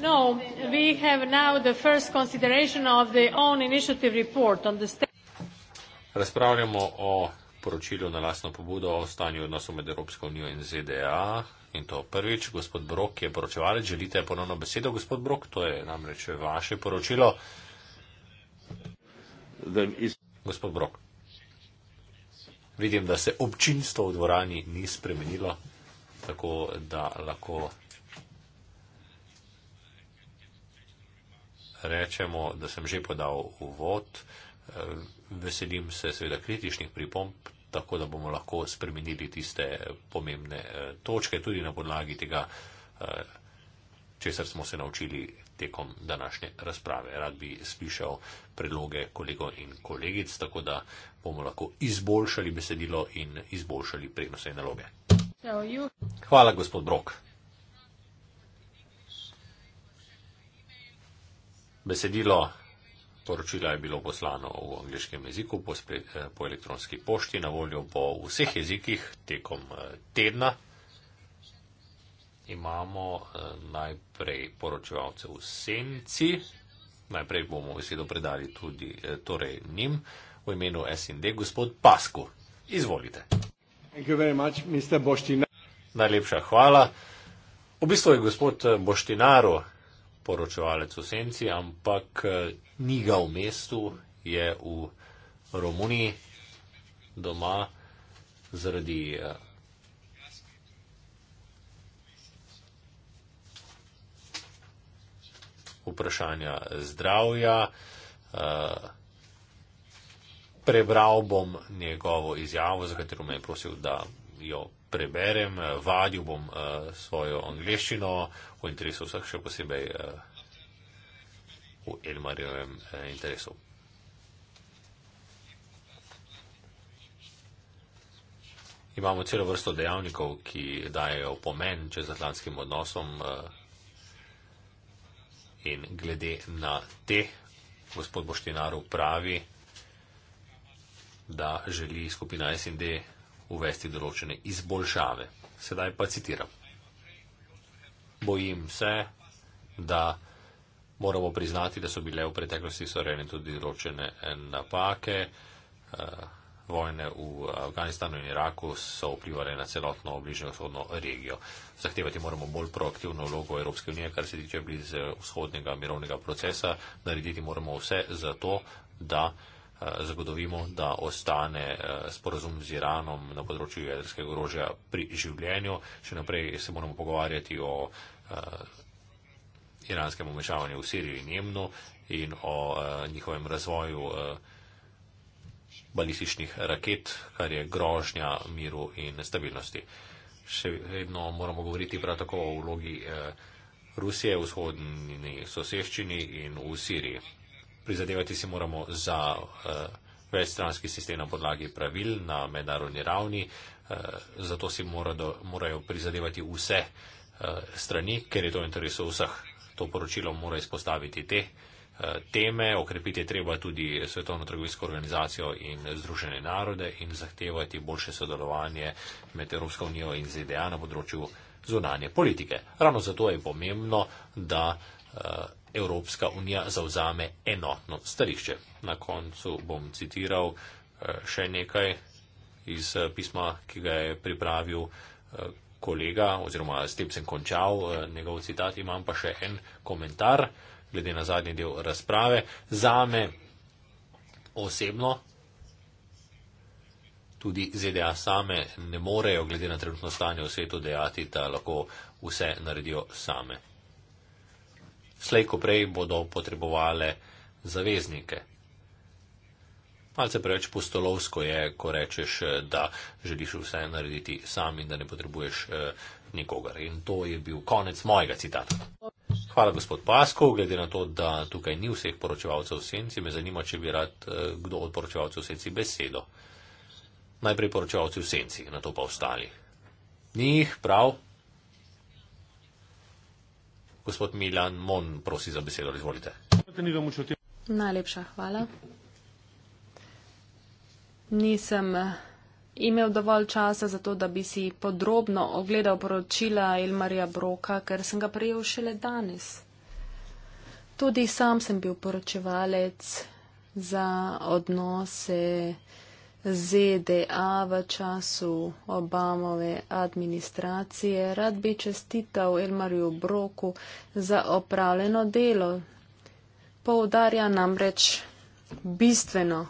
No, we have now the first consideration of the own initiative report on the Razpravljamo o poročilu na lasno pobudo o stanju odnosov med Evropsko unijo in ZDA. In to prvič, gospod Brok je poročevalec, želite ponovno besedo, gospod Brok, to je namreč vaše poročilo. Is... Gospod Brok, vidim, da se občinstvo v dvorani ni spremenilo, tako da lahko rečemo, da sem že podal uvod. Eh, veselim se seveda kritičnih pripomb, tako da bomo lahko spremenili tiste pomembne eh, točke tudi na podlagi tega, eh, česar smo se naučili tekom današnje razprave. Rad bi slišal predloge kolegov in kolegic, tako da bomo lahko izboljšali besedilo in izboljšali prednose in naloge. Hvala, gospod Brok. Besedilo poročila je bilo poslano v angliškem jeziku po, spre, eh, po elektronski pošti, na voljo po vseh jezikih tekom eh, tedna. Imamo eh, najprej poročevalce v senci, najprej bomo besedo predali tudi torej njim v imenu SND, gospod Pasku. Izvolite. Much, Najlepša hvala. V bistvu je gospod Boštinaru poročevalec v senci, ampak eh, ni ga v mestu, je v Romuniji doma zaradi eh, vprašanja zdravja. Eh, prebral bom njegovo izjavo, za katero me je prosil, da jo preberem, eh, vadil bom uh, svojo angliščino v interesu vseh, še posebej uh, v Elmarjevem uh, interesu. Imamo celo vrsto dejavnikov, ki dajo pomen čezatlantskim odnosom uh, in glede na te, gospod Boštinaru pravi, da želi skupina SND uvesti določene izboljšave. Sedaj pa citiram. Bojim se, da moramo priznati, da so bile v preteklosti storjene tudi določene eh, napake. Eh, vojne v eh, Afganistanu in Iraku so vplivali na celotno bližnjo vzhodno regijo. Zahtevati moramo bolj proaktivno vlogo Evropske unije, kar se tiče bliz vzhodnega mirovnega procesa. Narediti moramo vse za to, da. Eh, zagotovimo, da ostane eh, sporozum z Iranom na področju jedrskega grožja pri življenju. Še naprej se moramo pogovarjati o eh, iranskem umešavanju v Siriji in Jemnu in o njihovem razvoju balističnih raket, kar je grožnja miru in stabilnosti. Še vedno moramo govoriti prav tako o vlogi Rusije v vzhodni soseščini in v Siriji prizadevati si moramo za uh, večstranski sistem na podlagi pravil na mednarodni ravni, uh, zato si mora do, morajo prizadevati vse uh, strani, ker je to v interesu vseh. To poročilo mora izpostaviti te teme, okrepiti je treba tudi Svetovno trgovinsko organizacijo in Združene narode in zahtevati boljše sodelovanje med Evropsko unijo in ZDA na področju zunanje politike. Ravno zato je pomembno, da Evropska unija zauzame enotno stališče. Na koncu bom citiral eh, še nekaj iz eh, pisma, ki ga je pripravil eh, kolega, oziroma s tem sem končal njegov citat, imam pa še en komentar glede na zadnji del razprave. Zame osebno tudi ZDA same ne morejo, glede na trenutno stanje v svetu, dejati, da lahko vse naredijo same slej ko prej bodo potrebovale zaveznike. Malce preveč postolovsko je, ko rečeš, da želiš vse narediti sam in da ne potrebuješ eh, nikogar. In to je bil konec mojega citata. Hvala, gospod Pasko. Glede na to, da tukaj ni vseh poročevalcev v senci, me zanima, če bi rad eh, kdo od poročevalcev v senci besedo. Najprej poročevalci v senci, na to pa ostali. Njih prav. Gospod Milan Mon, prosi za besedo, izvolite. Najlepša hvala. Nisem eh, imel dovolj časa za to, da bi si podrobno ogledal poročila Elmarja Broka, ker sem ga prejel šele danes. Tudi sam sem bil poročevalec za odnose ZDA v času Obamove administracije. Rad bi čestital Elmarju Broku za opravljeno delo. Poudarja namreč bistveno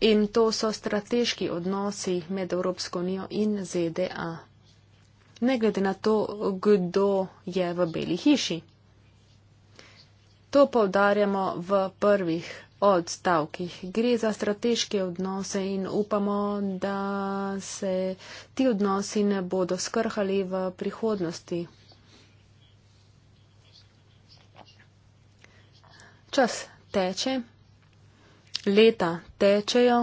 in to so strateški odnosi med Evropsko unijo in ZDA. Ne glede na to, kdo je v Beli hiši. To povdarjamo v prvih odstavkih. Gre za strateške odnose in upamo, da se ti odnosi ne bodo skrhali v prihodnosti. Čas teče, leta tečejo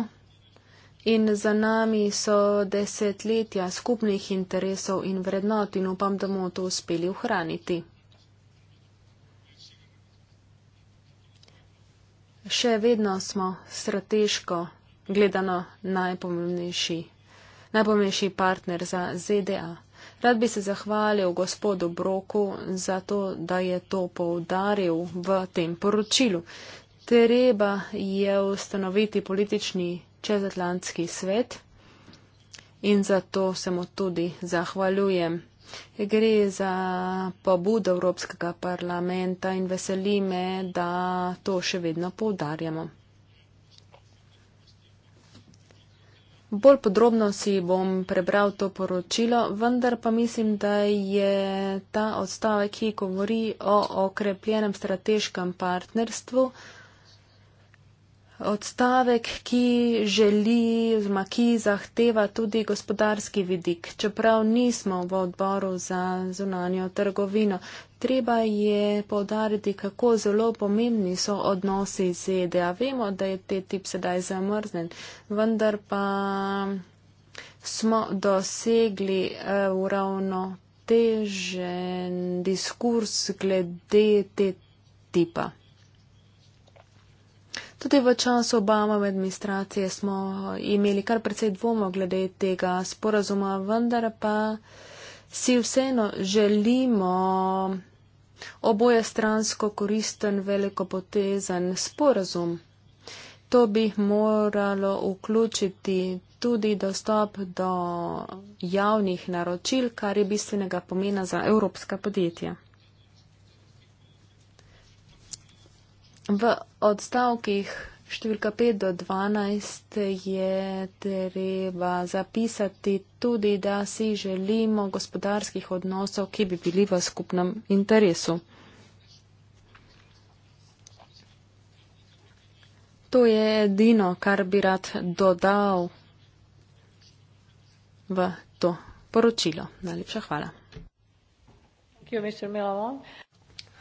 in za nami so desetletja skupnih interesov in vrednot in upam, da bomo to uspeli ohraniti. še vedno smo strateško gledano najpomembnejši, najpomembnejši partner za ZDA. Rad bi se zahvalil gospodu Broku za to, da je to poudaril v tem poročilu. Treba je ustanoviti politični čezatlantski svet in zato se mu tudi zahvaljujem. Gre za pobud Evropskega parlamenta in veseli me, da to še vedno povdarjamo. Bolj podrobno si bom prebral to poročilo, vendar pa mislim, da je ta odstavek, ki govori o okrepljenem strateškem partnerstvu, odstavek, ki želi, oziroma ki zahteva tudi gospodarski vidik, čeprav nismo v odboru za zunanjo trgovino. Treba je povdariti, kako zelo pomembni so odnosi z EDA. Vemo, da je te tip sedaj zamrznen, vendar pa smo dosegli eh, uravnotežen diskurs glede te tipa. Tudi v času Obama administracije smo imeli kar precej dvomov glede tega sporazuma, vendar pa si vseeno želimo oboje stransko koristen velikopotezen sporazum. To bi moralo vključiti tudi dostop do javnih naročil, kar je bistvenega pomena za evropska podjetja. v odstavkih številka 5 do 12 je treba zapisati tudi, da si želimo gospodarskih odnosov, ki bi bili v skupnem interesu. To je edino, kar bi rad dodal v to poročilo. Najlepša hvala.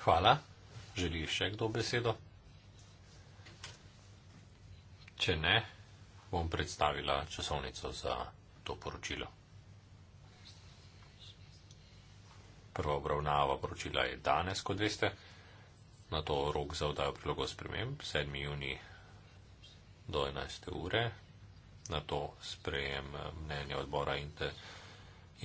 Hvala. Želi še kdo besedo? Če ne, bom predstavila časovnico za to poročilo. Prva obravnava poročila je danes, kot veste, na to rok za odajo prilogo sprememb 7. juni do 11. ure, na to sprejem mnenja odbora in te.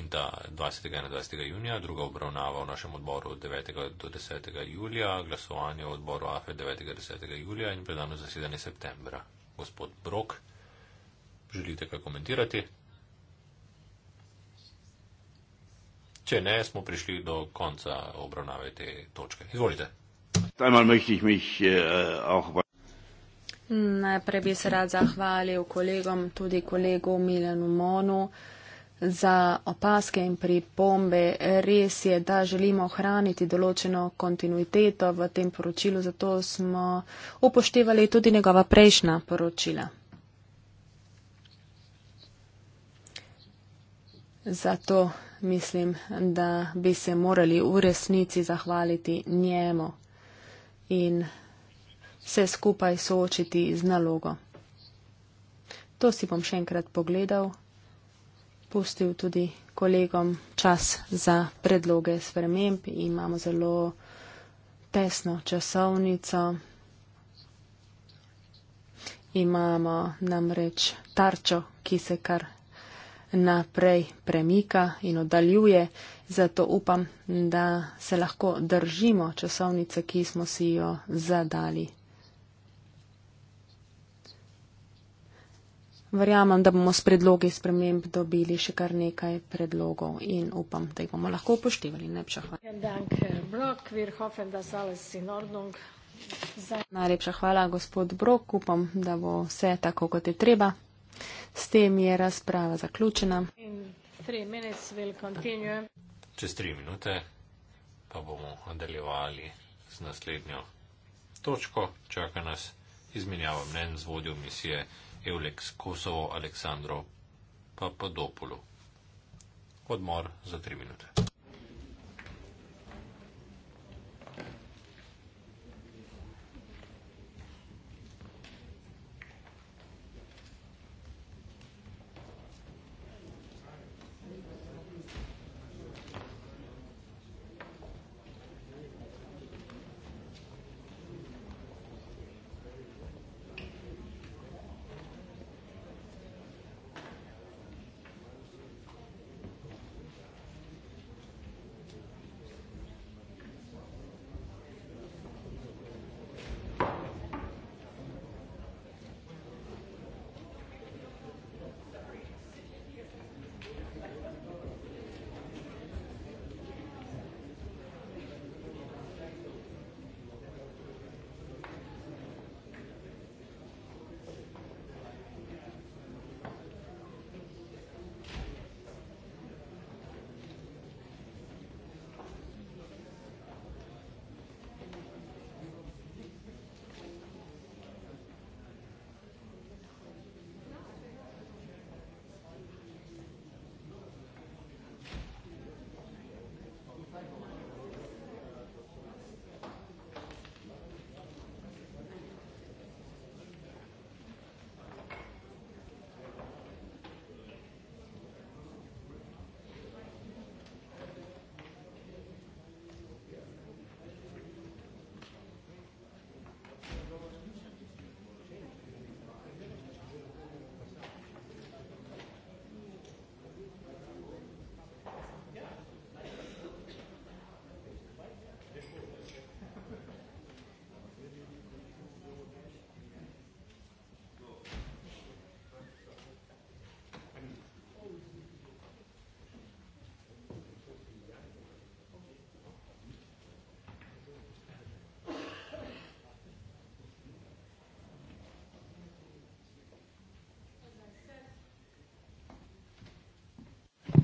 In ta 20. in 21. junija, druga obravnava v našem odboru 9. do 10. julija, glasovanje v odboru AFE 9. in 10. julija in predano zasedanje septembra gospod Brok. Želite kaj komentirati? Če ne, smo prišli do konca obravnave te točke. Izvolite. Äh, Najprej bi se rad zahvalil kolegom, tudi kolegu Milanu Monu za opaske in pripombe. Res je, da želimo ohraniti določeno kontinuiteto v tem poročilu, zato smo upoštevali tudi njegova prejšnja poročila. Zato mislim, da bi se morali v resnici zahvaliti njemu in se skupaj soočiti z nalogo. To si bom še enkrat pogledal pustil tudi kolegom čas za predloge sprememb. Imamo zelo tesno časovnico. Imamo namreč tarčo, ki se kar naprej premika in oddaljuje. Zato upam, da se lahko držimo časovnice, ki smo si jo zadali. verjamem, da bomo s predlogi sprememb dobili še kar nekaj predlogov in upam, da jih bomo lahko upoštevali. Najlepša hvala. Najlepša hvala, gospod Brok. Upam, da bo vse tako, kot je treba. S tem je razprava zaključena. Čez tri minute pa bomo nadaljevali z naslednjo točko. Čaka nas izmenjava mnen z vodjo misije. Eulex Kosovo Aleksandro Papadopoulou. Odmor za tri minute.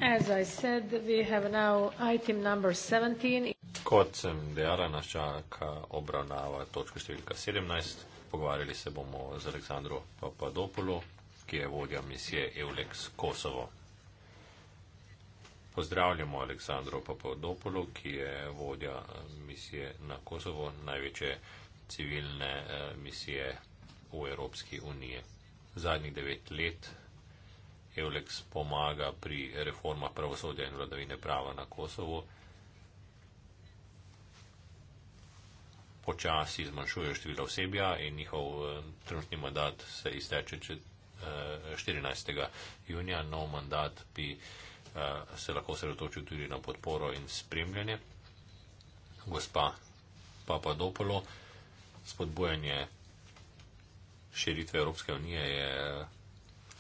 As I said, we have now item number 17. Kot sem dejala, nas čaka obravnava točke številka 17. Pogovarjali se bomo z Aleksandro Papadopolo, ki je vodja misije Eulex Kosovo. Pozdravljamo Aleksandro Papadopolo, ki je vodja eh, misije na Kosovo, največje civilne eh, misije v Evropski uniji. Zadnjih devet let Eulex pomaga pri reformah pravosodja in vladavine prava na Kosovo. Počasi zmanjšuje število osebja in njihov eh, trenutni mandat se izteče 14. Eh, junija. Nov mandat bi eh, se lahko sredotočil tudi na podporo in spremljanje. Gospa Papadopolo, spodbujanje širitve Evropske unije je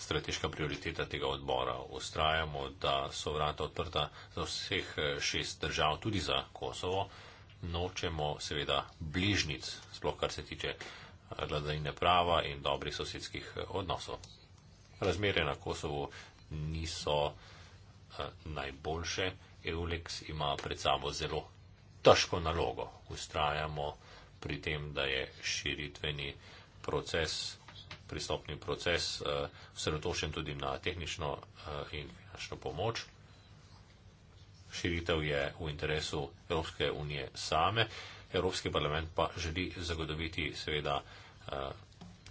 strateška prioriteta tega odbora. Ustrajamo, da so vrata odprta za vseh eh, šest držav, tudi za Kosovo. Nočemo seveda bližnic, sploh kar se tiče eh, vladajne prava in dobrih sosedskih eh, odnosov. Razmere na Kosovo niso najboljše. Eulex ima pred sabo zelo težko nalogo. Ustrajamo pri tem, da je širitveni proces pristopni proces, eh, osredotočen tudi na tehnično eh, in finančno pomoč. Širitev je v interesu Evropske unije same, Evropski parlament pa želi zagotoviti seveda eh,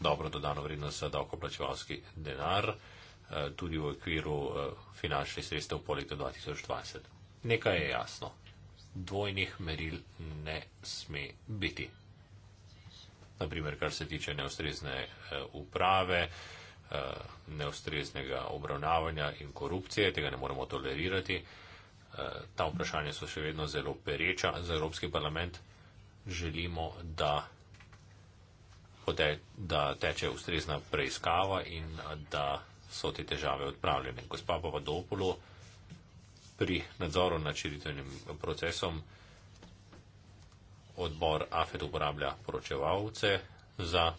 dobro dodano vrednost za davkoplačevalski denar tudi v okviru finančnih sredstev po letu 2020. Nekaj je jasno. Dvojnih meril ne sme biti naprimer kar se tiče neustrezne eh, uprave, eh, neustreznega obravnavanja in korupcije, tega ne moremo tolerirati. Eh, ta vprašanja so še vedno zelo pereča za Evropski parlament. Želimo, da, da teče ustrezna preiskava in da so te težave odpravljene. Gospa Pavadopolo pri nadzoru nad širitvenim procesom odbor AFED uporablja poročevalce za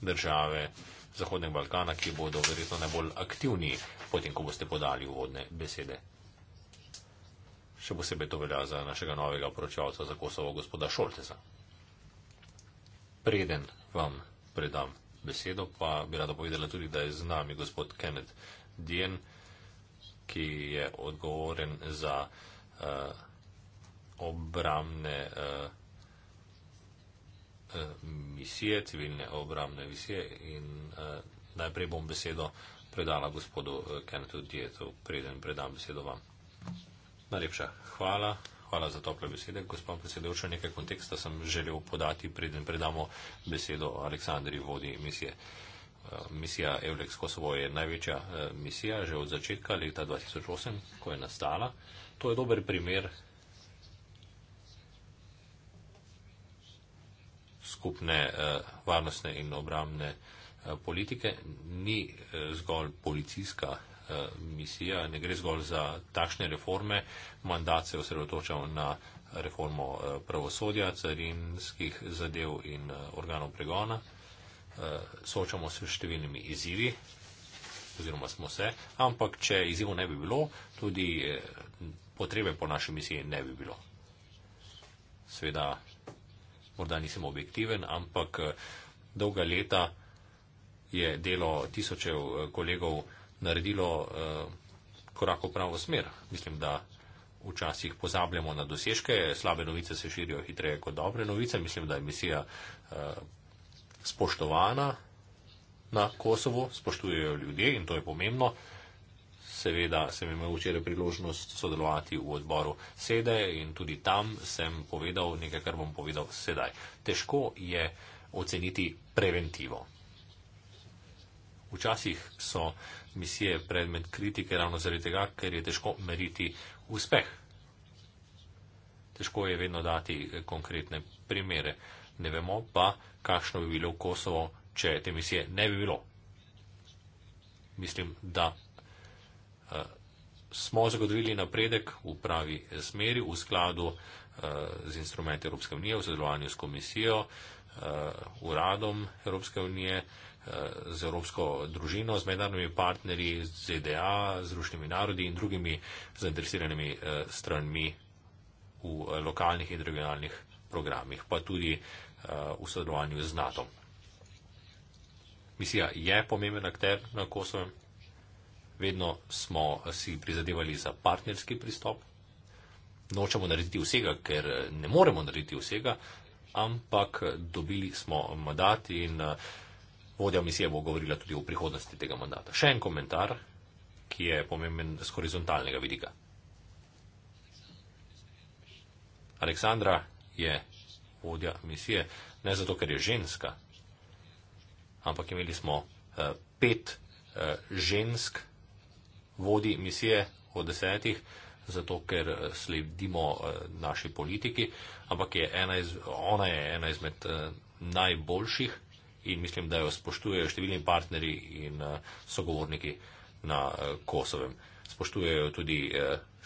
države Zahodnega Balkana, ki bodo verjetno najbolj aktivni, potem, ko boste podali uvodne besede. Še posebej to velja za našega novega poročevalca za Kosovo, gospoda Šolteza. Preden vam predam besedo, pa bi rada povedala tudi, da je z nami gospod Kenneth Dien, ki je odgovoren za uh, obramne. Uh, Eh, misije, civilne obramne misije in uh, najprej bom besedo predala gospodu eh, Kenetu Dietu, preden predam besedo vam. Najlepša hvala, hvala za tople besede. Gospod predsedujoča, nekaj konteksta sem želel podati, preden predamo besedo Aleksandri vodi misije. Misija Evlex Kosovo je največja misija že od začetka leta 2008, ko je nastala. To je dober primer skupne eh, varnostne in obramne eh, politike, ni eh, zgolj policijska misija, ne gre zgolj za takšne reforme. Mandat se je osredotočal na reformo pravosodja, carinskih zadev in organov pregona. Soočamo se s številnimi izzivi, oziroma smo se, ampak če izzivov ne bi bilo, tudi potrebe po naši misiji ne bi bilo. Sveda morda nisem objektiven, ampak eh, dolga leta je delo tisočev eh, kolegov naredilo eh, korak v pravo smer. Mislim, da včasih pozabljamo na dosežke, slabe novice se širijo hitreje kot dobre novice. Mislim, da je misija spoštovana na Kosovo, spoštujejo ljudje in to je pomembno seveda sem imel včeraj priložnost sodelovati v odboru sede in tudi tam sem povedal nekaj, kar bom povedal sedaj. Težko je oceniti preventivo. Včasih so misije predmet kritike ravno zaradi tega, ker je težko meriti uspeh. Težko je vedno dati konkretne primere. Ne vemo pa, kakšno bi bilo v Kosovo, če te misije ne bi bilo. Mislim, da smo zagotovili napredek v pravi eh, smeri v skladu eh, z instrumenti Evropske unije, v sodelovanju s komisijo, eh, uradom Evropske unije, z Evropsko družino, z mednarodnimi partnerji, z ZDA, z rušnimi narodi in drugimi zainteresiranimi stranmi v lokalnih in regionalnih programih, pa tudi v sodelovanju z NATO. Misija je pomemben akter na Kosovem vedno smo si prizadevali za partnerski pristop. Nočemo narediti vsega, ker eh, ne moremo narediti vsega, ampak eh, dobili smo mandat in eh, vodja misije bo govorila tudi o prihodnosti tega mandata. Še en komentar, ki je pomemben z horizontalnega vidika. Aleksandra je vodja misije ne zato, ker je ženska, ampak imeli smo pet žensk, vodi misije od desetih, zato ker eh, sledimo eh, naši politiki, ampak je iz, ona je ena izmed eh, najboljših in mislim, da jo spoštujejo številni partnerji in sogovorniki na Kosovem. Spoštujejo tudi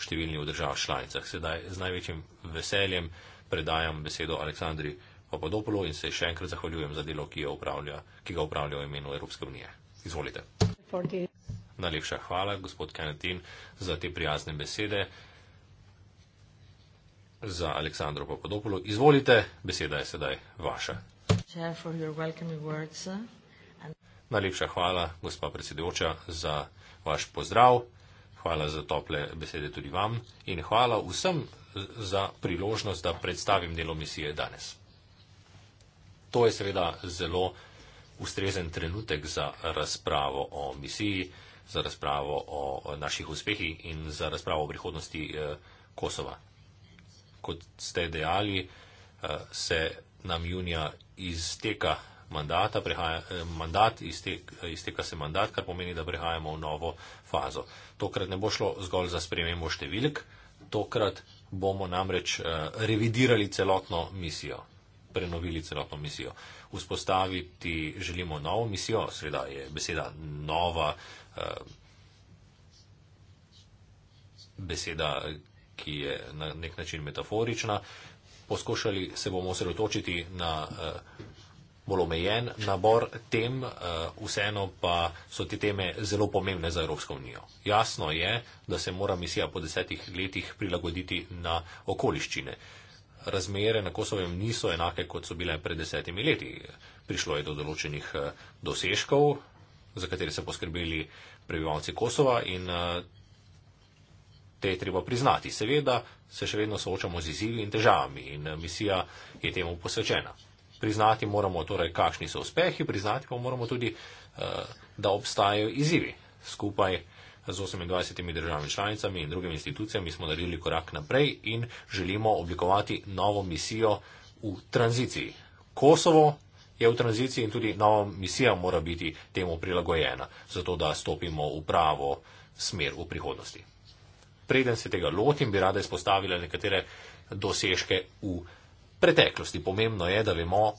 številni v državah članicah. Sedaj z največjim veseljem predajam besedo Aleksandri Papadopolu in se še enkrat zahvaljujem za delo, ki, upravlja, ki ga upravlja v imenu Evropske unije. Izvolite. 40. Najlepša hvala, gospod Kenetin, za te prijazne besede. Za Aleksandro Papadopolo. Izvolite, beseda je sedaj vaša. Najlepša hvala, gospa predsedujoča, za vaš pozdrav. Hvala za tople besede tudi vam in hvala vsem za priložnost, da predstavim delo misije danes. To je seveda zelo ustrezen trenutek za razpravo o misiji za razpravo o naših uspehih in za razpravo o prihodnosti eh, Kosova. Kot ste dejali, eh, se nam junija izteka mandata, prehaja, eh, mandat, iztek, izteka se mandat, kar pomeni, da prehajamo v novo fazo. Tokrat ne bo šlo zgolj za spremembo številk, tokrat bomo namreč revidirali celotno misijo, prenovili celotno misijo. Vzpostaviti želimo novo misijo, seveda je beseda nova, Eh, beseda, ki je na nek način metaforična. Poskušali se bomo osredotočiti na eh, bolj omejen nabor tem, eh, vseeno pa so te teme zelo pomembne za Evropsko unijo. Jasno je, da se mora misija po desetih letih prilagoditi na okoliščine. Razmere na Kosovem niso enake, kot so bile pred desetimi leti. Prišlo je do določenih dosežkov, za katere so poskrbeli prebivalci Kosova in eh, te je treba priznati. Seveda se še vedno soočamo z izzivi in težavami in eh, misija je temu posvečena. Priznati moramo torej, kakšni so uspehi, priznati pa moramo tudi, eh, da obstajajo izzivi. Skupaj z 28 državami članicami in drugimi institucijami smo naredili korak naprej in želimo oblikovati novo misijo v tranziciji. Kosovo je v tranziciji in tudi nova misija mora biti temu prilagojena, zato da stopimo v pravo smer v prihodnosti. Preden se tega lotim, bi rada izpostavila nekatere dosežke v preteklosti. Pomembno je, da vemo,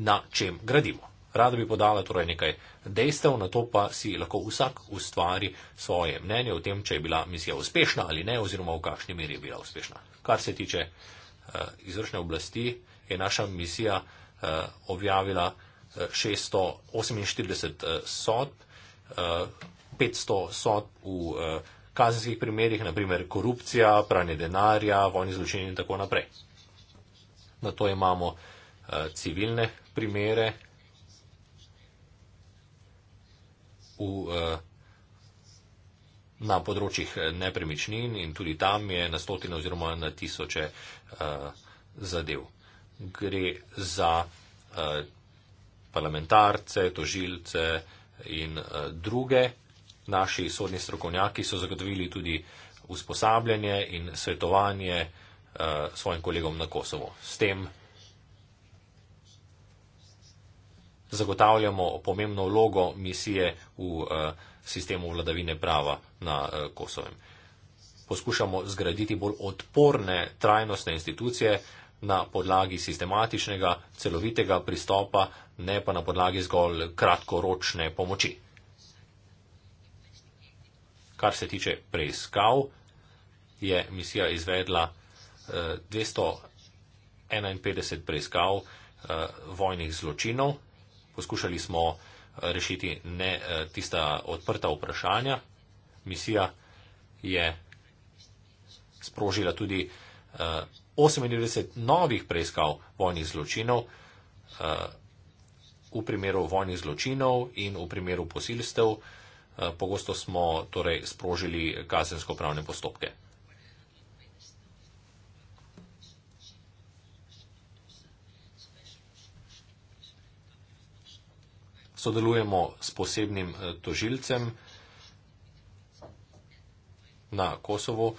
na čem gradimo. Rada bi podala torej nekaj dejstev, na to pa si lahko vsak ustvari svoje mnenje o tem, če je bila misija uspešna ali ne, oziroma v kakšni meri je bila uspešna. Kar se tiče uh, izvršne oblasti, je naša misija uh, Eh, objavila 648 eh, eh, sodb, 500 sodb v kazenskih primerjih, naprimer korupcija, pranje denarja, vojni zločini in tako naprej. Na to imamo civilne primere v, na področjih nepremičnin in tudi tam je na stotine oziroma na tisoče zadev gre za eh, parlamentarce, tožilce in eh, druge. Naši sodni strokovnjaki so zagotovili tudi usposabljanje in svetovanje eh, svojim kolegom na Kosovo. S tem zagotavljamo pomembno vlogo misije v sistemu vladavine prava na Kosovem. Poskušamo zgraditi bolj odporne, trajnostne institucije, na podlagi sistematičnega, celovitega pristopa, ne pa na podlagi zgolj kratkoročne pomoči. Kar se tiče preiskav, je misija izvedla 251 eh, preiskav eh, vojnih zločinov. Poskušali smo eh, rešiti ne tista odprta vprašanja. Misija je sprožila tudi 98 novih preiskav vojnih zločinov eh, v primeru vojnih zločinov in v primeru posilstev. Eh, pogosto smo torej sprožili kazensko-pravne postopke. Sodelujemo s posebnim eh, tožilcem na Kosovo.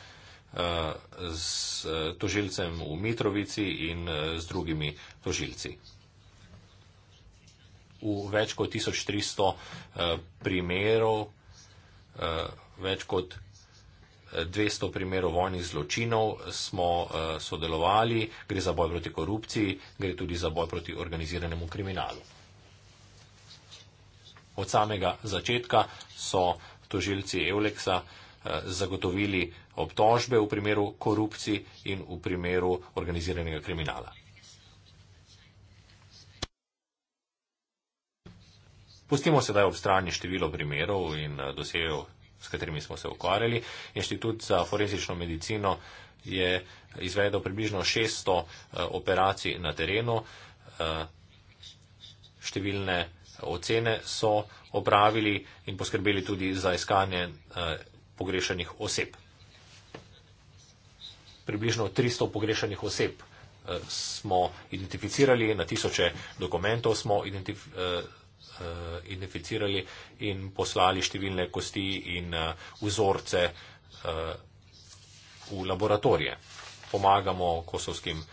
Eh, z eh, tožilcem v Mitrovici in eh, z drugimi tožilci. V več kot 1300 primerov, več kot 200 primerov vojnih zločinov smo sodelovali, gre za boj proti korupciji, gre tudi za boj proti organiziranemu kriminalu. Od samega začetka so tožilci Euleksa uh, zagotovili obtožbe v primeru korupcije in v primeru organiziranega kriminala. Pustimo sedaj ob strani število primerov in eh, dosejev, s katerimi smo se ukvarjali. Inštitut za forenzično medicino je izvedel približno 600 eh, operacij na terenu. Eh, številne ocene so opravili in poskrbeli tudi za iskanje pogrešanih oseb. Približno 300 pogrešanih oseb eh, smo identificirali, na tisoče dokumentov smo identif, uh, uh, identificirali in poslali številne kosti in uh, vzorce uh, v laboratorije. Pomagamo kosovskim uh,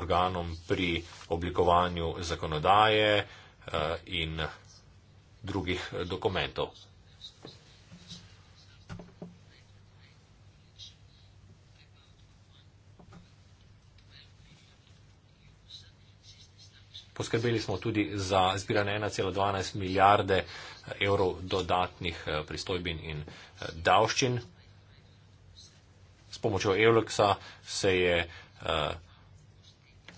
organom pri oblikovanju zakonodaje uh, in drugih uh, dokumentov. Poskrbeli smo tudi za zbiranje 1,12 milijarde eh, evrov dodatnih eh, pristojbin in eh, davščin. S pomočjo Evloksa se je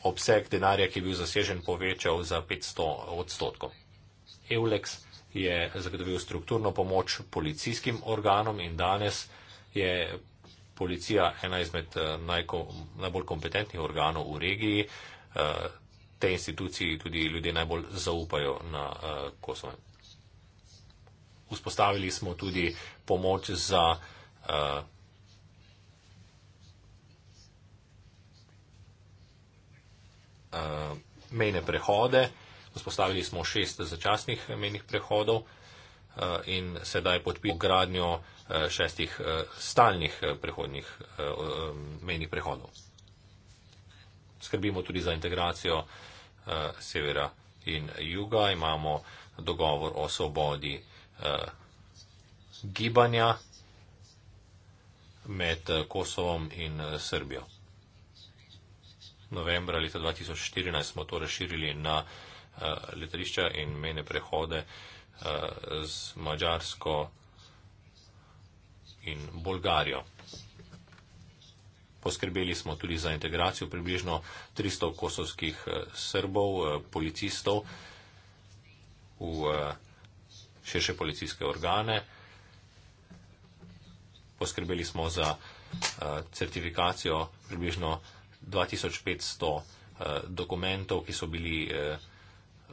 obseg denarja, ki je bil zasežen, povečal za 500 odstotkov. Eulex je zagotovil strukturno pomoč policijskim organom in danes je policija ena izmed najko, najbolj kompetentnih organov v regiji tej instituciji tudi ljudje najbolj zaupajo na uh, Kosovo. Vzpostavili smo tudi pomoč za uh, uh, mejne prehode. Vzpostavili smo šest začasnih mejnih prehodov uh, in sedaj podpiramo gradnjo uh, šestih uh, stalnih uh, uh, mejnih prehodov. Skrbimo tudi za integracijo uh, Eh, severa in juga, imamo dogovor o svobodi eh, gibanja med eh, Kosovom in Srbijo. Novembra leta 2014 smo to razširili na letališča in mene prehode z Mačarsko in Bolgarijo. Poskrbeli smo tudi za integracijo približno 300 kosovskih eh, srbov, eh, policistov v eh, širše policijske organe. Poskrbeli smo za certifikacijo približno 2500 dokumentov, ki so bili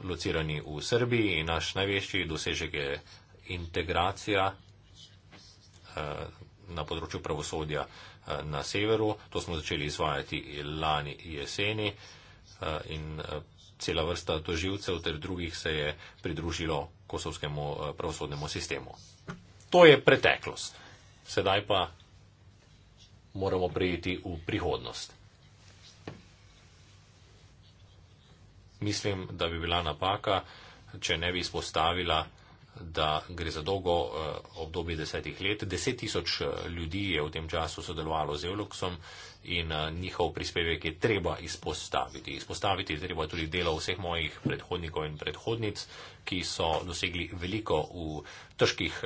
locirani v Srbiji. Naš največji dosežek je integracija na področju pravosodja na severu. To smo začeli izvajati lani jeseni eh, in eh, cela vrsta toživcev ter drugih se je pridružilo kosovskemu eh, pravosodnemu sistemu. To je preteklost. Sedaj pa moramo prejiti v prihodnost. Mislim, da bi bila napaka, če ne bi izpostavila da gre za dolgo eh, obdobje desetih let. Deset tisoč eh, ljudi je v tem času sodelovalo z Euluxom in eh, njihov prispevek je treba izpostaviti. Izpostaviti je treba tudi delo vseh mojih predhodnikov in predhodnic, ki so dosegli veliko v težkih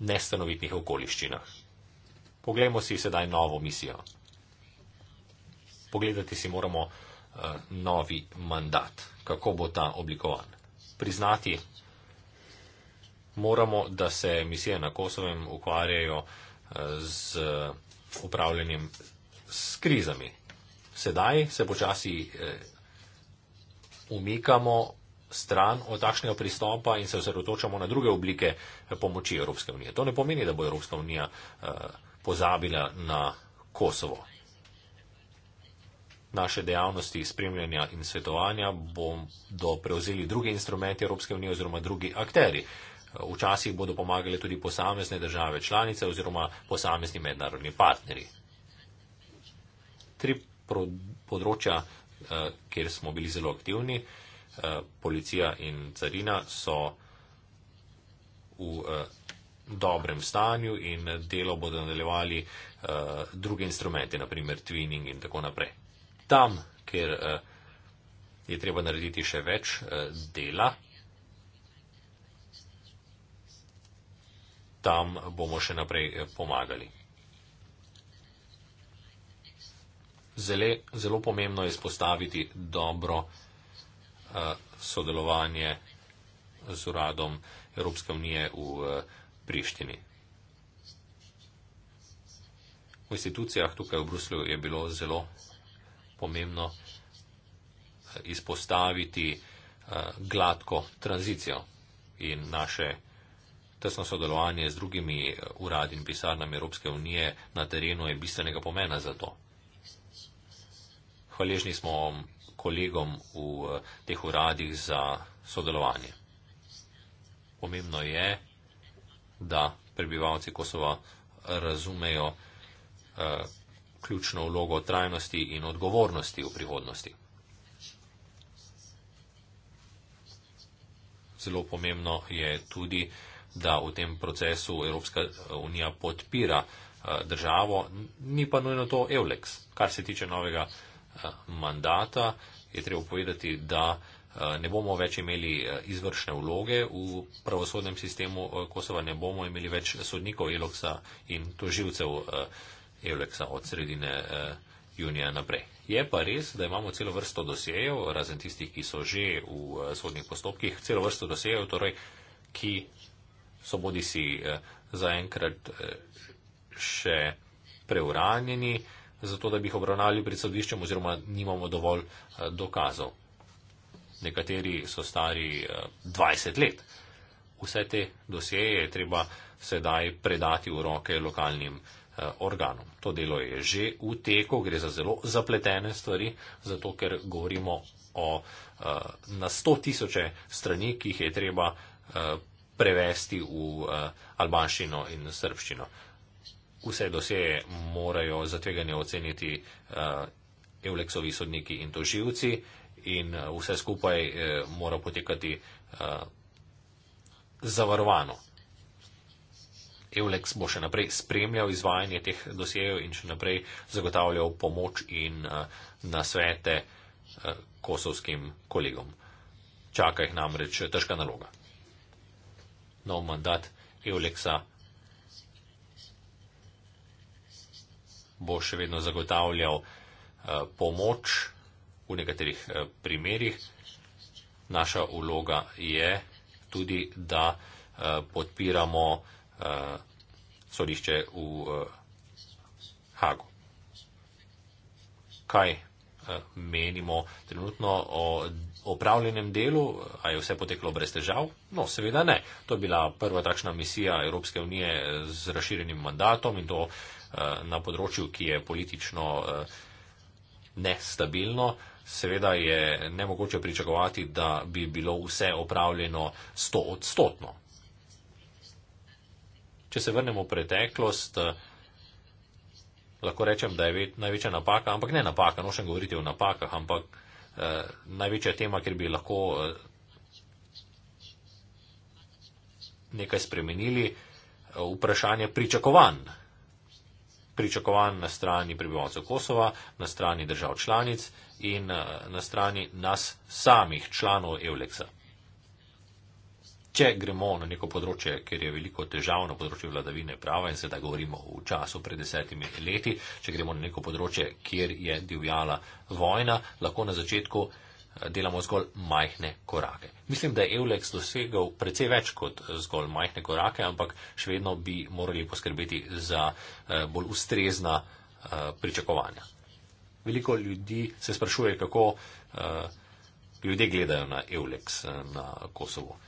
nestanovitnih okoliščinah. Poglejmo si sedaj novo misijo. Pogledati si moramo novi mandat. Kako bo ta oblikovan? Priznati, moramo, da se misije na Kosovem ukvarjajo eh, z upravljanjem s krizami. Sedaj se počasi eh, umikamo stran od takšnega pristopa in se osredotočamo na druge oblike eh, pomoči Evropske unije. To ne pomeni, da bo Evropska unija pozabila na Kosovo. Naše dejavnosti spremljanja in svetovanja bodo prevzeli drugi instrumenti Evropske unije oziroma drugi akteri. Včasih bodo pomagali tudi posamezne države članice oziroma posamezni mednarodni partnerji. Tri področja, eh, kjer smo bili zelo aktivni, eh, policija in carina, so v eh, dobrem stanju in delo bodo nadaljevali druge instrumente, naprimer twinning in tako naprej. Tam, kjer je treba narediti še več dela, tam bomo še naprej eh, pomagali. Zele, zelo pomembno je spostaviti dobro uh, sodelovanje z uradom Evropske unije v uh, Prištini. V institucijah tukaj v Bruslju je bilo zelo pomembno uh, izpostaviti uh, gladko tranzicijo in naše. Tesno sodelovanje z drugimi eh, uradi in pisarnami Evropske unije na terenu je bistvenega pomena za to. Hvaležni smo kolegom v eh, teh uradih za sodelovanje. Pomembno je, da prebivalci Kosova razumejo eh, ključno vlogo trajnosti in odgovornosti v prihodnosti. Zelo pomembno je tudi, da v tem procesu Evropska eh, unija podpira eh, državo, ni pa nujno to Eulex. Kar se tiče novega eh, mandata, je treba povedati, da ne bomo več imeli izvršne vloge v pravosodnem sistemu Kosova, ne bomo imeli več sodnikov Eloksa in toživcev Eulexa od sredine junija naprej. Je pa res, da imamo celo vrsto dosejev, razen tistih, ki so že v sodnih postopkih, celo vrsto dosejev, torej, ki so bodi si eh, zaenkrat eh, še preuranjeni, zato da bi jih obravnali pred sodiščem oziroma nimamo dovolj eh, dokazov. Nekateri so stari 20 let. Vse te dosjeje je treba sedaj predati v roke lokalnim organom. To delo je že v teku, gre za zelo zapletene stvari, zato ker govorimo o na sto tisoče strani, ki jih je treba prevesti v uh, albanščino in srbščino. Vse doseje morajo za tveganje oceniti uh, eh, Evleksovi sodniki in toživci in uh, vse skupaj uh, mora potekati uh, zavarovano. Evleks bo še naprej spremljal izvajanje teh dosejev in še naprej zagotavljal pomoč in uh, nasvete uh, kosovskim kolegom. Čaka jih namreč težka naloga nov mandat Euleksa bo še vedno zagotavljal eh, pomoč v nekaterih eh, primerjih. Naša vloga je tudi, da eh, podpiramo sodišče v Hagu. Kaj menimo trenutno o opravljenem delu, a je vse poteklo brez težav? No, seveda ne. To je bila prva takšna misija Evropske unije z razširjenim mandatom in to eh, na področju, ki je politično eh, nestabilno. Seveda je nemogoče pričakovati, da bi bilo vse opravljeno sto odstotno. Če se vrnemo v preteklost, eh, lahko rečem, da je največja napaka, ampak ne napaka, nočem govoriti o napakah, ampak Eh, največja tema, ker bi lahko eh, nekaj spremenili, eh, vprašanje pričakovanj. Pričakovanj na strani prebivalcev Kosova, na strani držav članic in na strani nas samih članov Euleksa če gremo na neko področje, kjer je veliko težav na področju vladavine prava in sedaj govorimo v času pred desetimi leti, če gremo na neko področje, kjer je divjala vojna, lahko na začetku eh, delamo zgolj majhne korake. Mislim, da je Eulex dosegel precej več kot eh, zgolj majhne korake, ampak še vedno bi morali poskrbeti za eh, bolj ustrezna pričakovanja. Veliko ljudi se sprašuje, kako ljudje gledajo na Eulex na Kosovo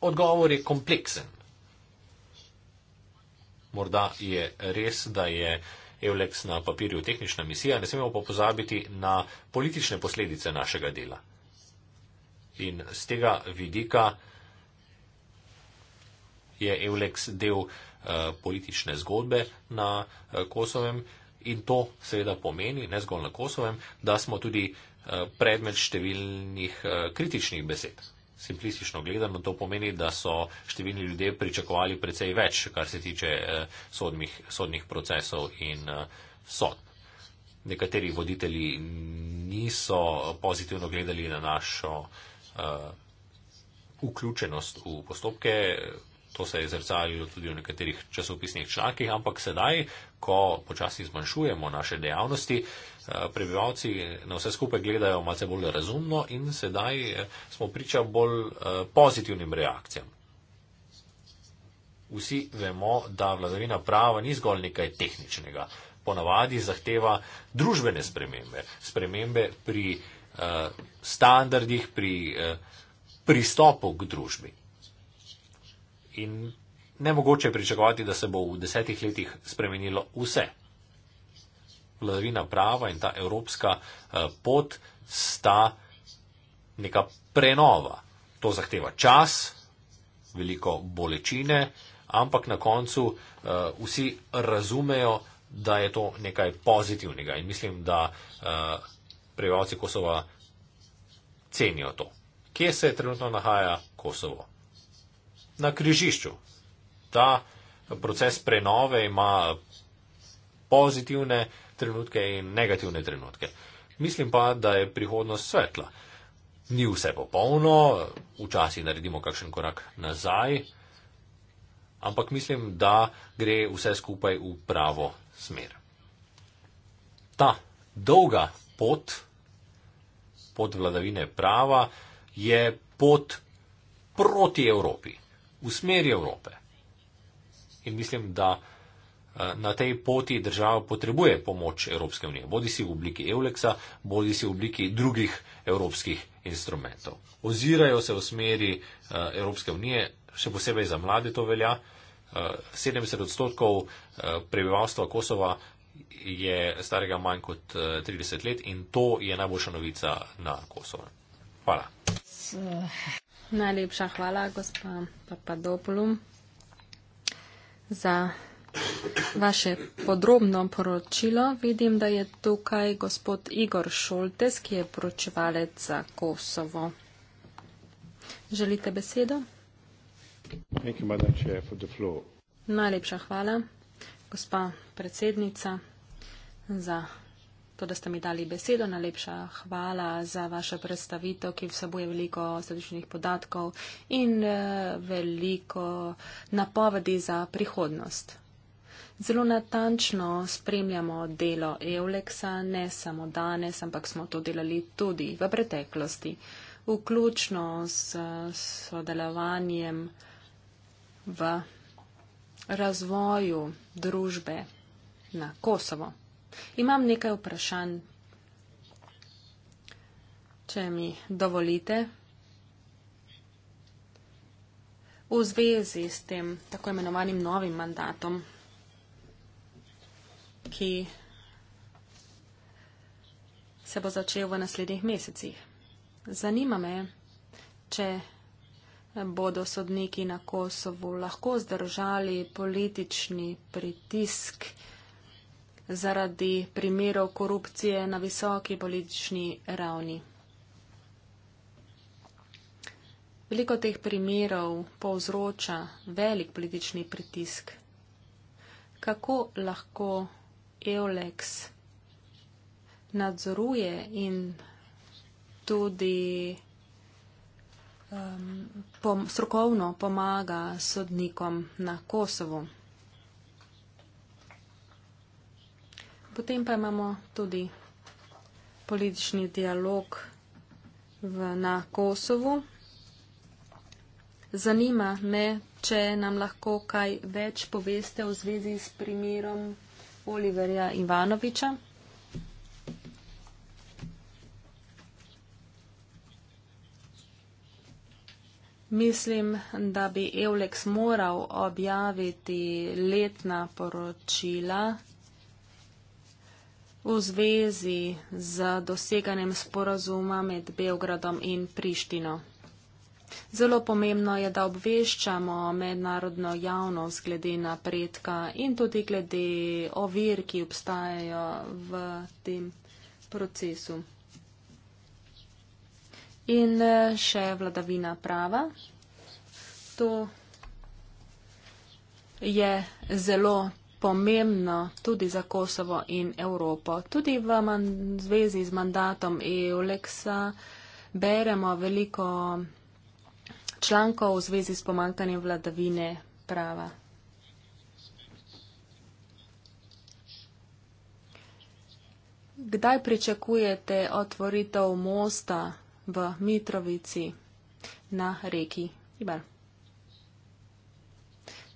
odgovor je kompleksen. Morda je res, da je Eulex na papirju tehnična misija, ne smemo pa pozabiti na politične posledice našega dela. In z tega vidika je Eulex del eh, politične zgodbe na eh, Kosovem in to seveda pomeni, ne zgolj na Kosovem, da smo tudi eh, predmet številnih kritičnih besed simplistično gledano, to pomeni, da so številni ljudje pričakovali precej več, kar se tiče eh, sodnih, sodnih procesov in eh, sod. Nekateri voditelji niso pozitivno gledali na našo uh, vključenost v postopke, to se je zrcalilo tudi v nekaterih časopisnih člankih, ampak sedaj, ko počasi zmanjšujemo naše dejavnosti, uh, Eh, prebivalci na vse skupaj gledajo malce bolj razumno in sedaj eh, smo priča bolj eh, pozitivnim reakcijam. Vsi vemo, da vladavina prava ni zgolj nekaj tehničnega. Ponavadi zahteva družbene spremembe, spremembe pri uh, standardih, pri uh, pristopu k družbi. In nemogoče je pričakovati, da se bo v desetih letih spremenilo vse vladavina prava in ta evropska eh, pot sta neka prenova. To zahteva čas, veliko bolečine, ampak na koncu eh, vsi razumejo, da je to nekaj pozitivnega in mislim, da eh, prebivalci Kosova cenijo to. Kje se trenutno nahaja Kosovo? Na križišču. Ta proces prenove ima pozitivne uh, trenutke in negativne trenutke. Mislim pa, da je prihodnost svetla. Ni vse popolno, včasih naredimo kakšen korak nazaj, ampak mislim, da gre vse skupaj v pravo smer. Ta dolga pot, pot vladavine prava, je pot proti Evropi, v smeri Evrope. In mislim, da. Eh, na tej poti država potrebuje pomoč Evropske unije, bodi si v obliki Euleksa, bodi si v obliki drugih evropskih instrumentov. Ozirajo se v smeri eh, Evropske unije, še posebej za mlade to velja. 70 eh, odstotkov prebivalstva Kosova je starega manj kot 30 let in to je najboljša novica na Kosovo. Hvala. Najlepša hvala, gospod Papadopoulou, za Vaše podrobno poročilo vidim, da je tukaj gospod Igor Šoltes, ki je poročevalec za Kosovo. Želite besedo? Najlepša hvala, gospa predsednica, za to, da ste mi dali besedo. Najlepša hvala za vašo predstavitev, ki vsebuje veliko statičnih podatkov in eh, veliko napovedi za prihodnost zelo natančno spremljamo delo Euleksa, ne samo danes, ampak smo to delali tudi v preteklosti, vključno s sodelovanjem v razvoju družbe na Kosovo. Imam nekaj vprašanj, če mi dovolite. V zvezi s tem tako imenovanim novim mandatom ki se bo začel v naslednjih mesecih. Zanima me, če bodo sodniki na Kosovu lahko zdržali politični pritisk zaradi primerov korupcije na visoki politični ravni. Veliko teh primerov povzroča velik politični pritisk. Kako lahko Eulex nadzoruje in tudi um, pom strokovno pomaga sodnikom na Kosovo. Potem pa imamo tudi politični dialog v, na Kosovu. Zanima me, če nam lahko kaj več poveste v zvezi s primerom Oliverja Ivanoviča. Mislim, da bi Eulex moral objaviti letna poročila v zvezi z doseganjem sporazuma med Belgradom in Prištino. Zelo pomembno je, da obveščamo mednarodno javnost glede napredka in tudi glede ovir, ki obstajajo v tem procesu. In eh, še vladavina prava. To je zelo pomembno tudi za Kosovo in Evropo. Tudi v zvezi z mandatom EU-Lexa beremo veliko člankov v zvezi s pomankanjem vladavine prava. Kdaj pričakujete otvoritev mosta v Mitrovici na reki Ibar?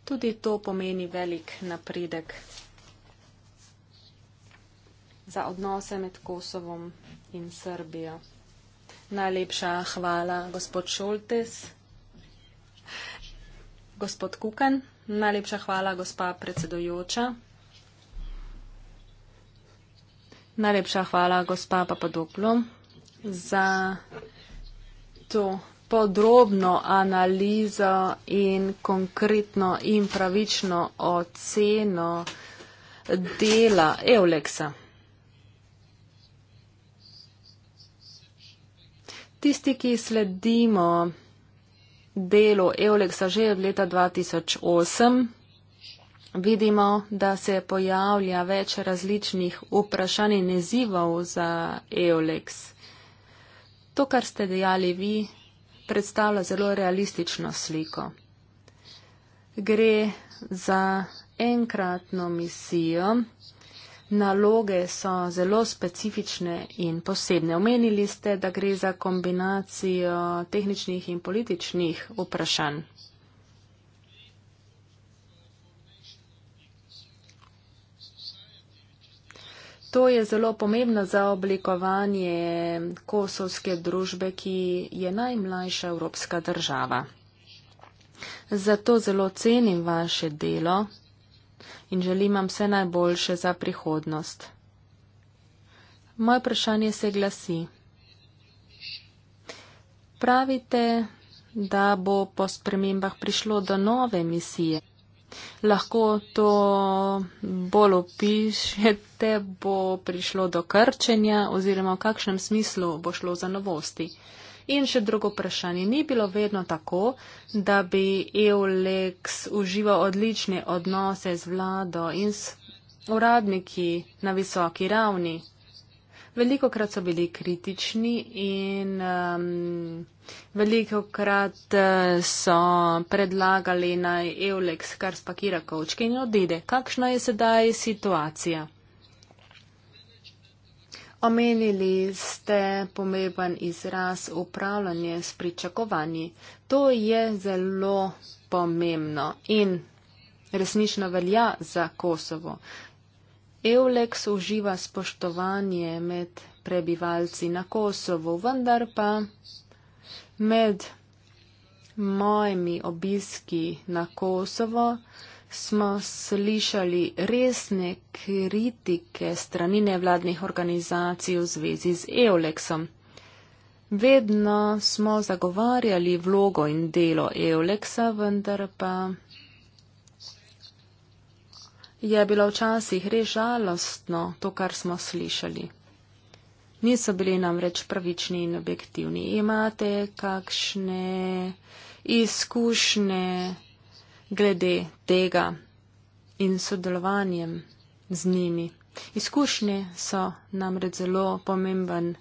Tudi to pomeni velik napredek za odnose med Kosovom in Srbijo. Najlepša hvala, gospod Šoltes. Gospod Kuken, najlepša hvala, gospa predsedojoča. Najlepša hvala, gospa Papadoplo, za to podrobno analizo in konkretno in pravično oceno dela Euleksa. Tisti, ki sledimo delu Euleksa že od leta 2008 vidimo, da se pojavlja več različnih vprašanj in izzivov za Euleks. To, kar ste dejali vi, predstavlja zelo realistično sliko. Gre za enkratno misijo, naloge so zelo specifične in posebne. Omenili ste, da gre za kombinacijo tehničnih in političnih vprašanj. To je zelo pomembno za oblikovanje kosovske družbe, ki je najmlajša evropska država. Zato zelo cenim vaše delo in želim vam vse najboljše za prihodnost. Moje vprašanje se glasi. Pravite, da bo po spremembah prišlo do nove misije. Lahko to bolj opišete, bo prišlo do krčenja oziroma v kakšnem smislu bo šlo za novosti. In še drugo vprašanje. Ni bilo vedno tako, da bi EULEX užival odlične odnose z vlado in s uradniki na visoki ravni. Veliko krat so bili kritični in um, veliko krat eh, so predlagali naj EULEX kar spakira kočke in odide. Kakšna je sedaj situacija? Omenili ste pomemben izraz upravljanje s pričakovanji. To je zelo pomembno in resnično velja za Kosovo. Eulex uživa spoštovanje med prebivalci na Kosovo, vendar pa med mojimi obiski na Kosovo smo slišali resne kritike strani nevladnih organizacij v zvezi z Eoleksom. Vedno smo zagovarjali vlogo in delo Eoleksa, vendar pa je bilo včasih res žalostno to, kar smo slišali. Niso bili nam reč pravični in objektivni. Imate kakšne izkušnje? glede tega in sodelovanjem z njimi. Izkušnje so namreč zelo pomemben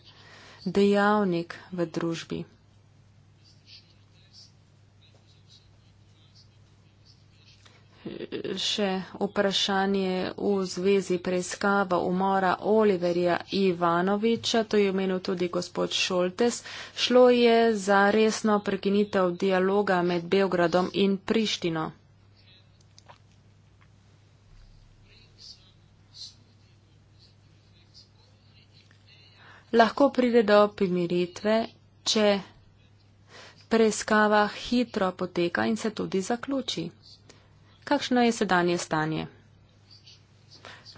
dejavnik v družbi. Še vprašanje v zvezi preiskava umora Oliverja Ivanoviča, to je omenil tudi gospod Šoltes. Šlo je za resno prekinitev dialoga med Belgradom in Prištino. lahko pride do primiritve, če preiskava hitro poteka in se tudi zaključi. Kakšno je sedanje stanje?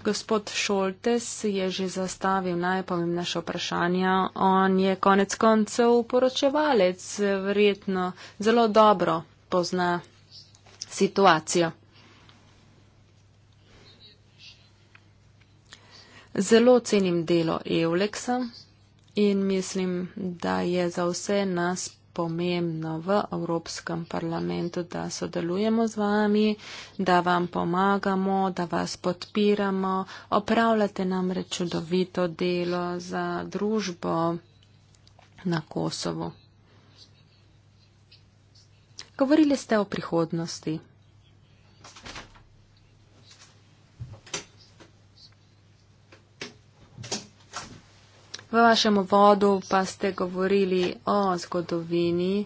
Gospod Šoltes je že zastavil najpomembnejše vprašanja. On je konec koncev poročevalec, verjetno zelo dobro pozna situacijo. Zelo cenim delo Euleksa, In mislim, da je za vse nas pomembno v Evropskem parlamentu, da sodelujemo z vami, da vam pomagamo, da vas podpiramo. Opravljate namreč čudovito delo za družbo na Kosovo. Govorili ste o prihodnosti. V vašem vodu pa ste govorili o zgodovini.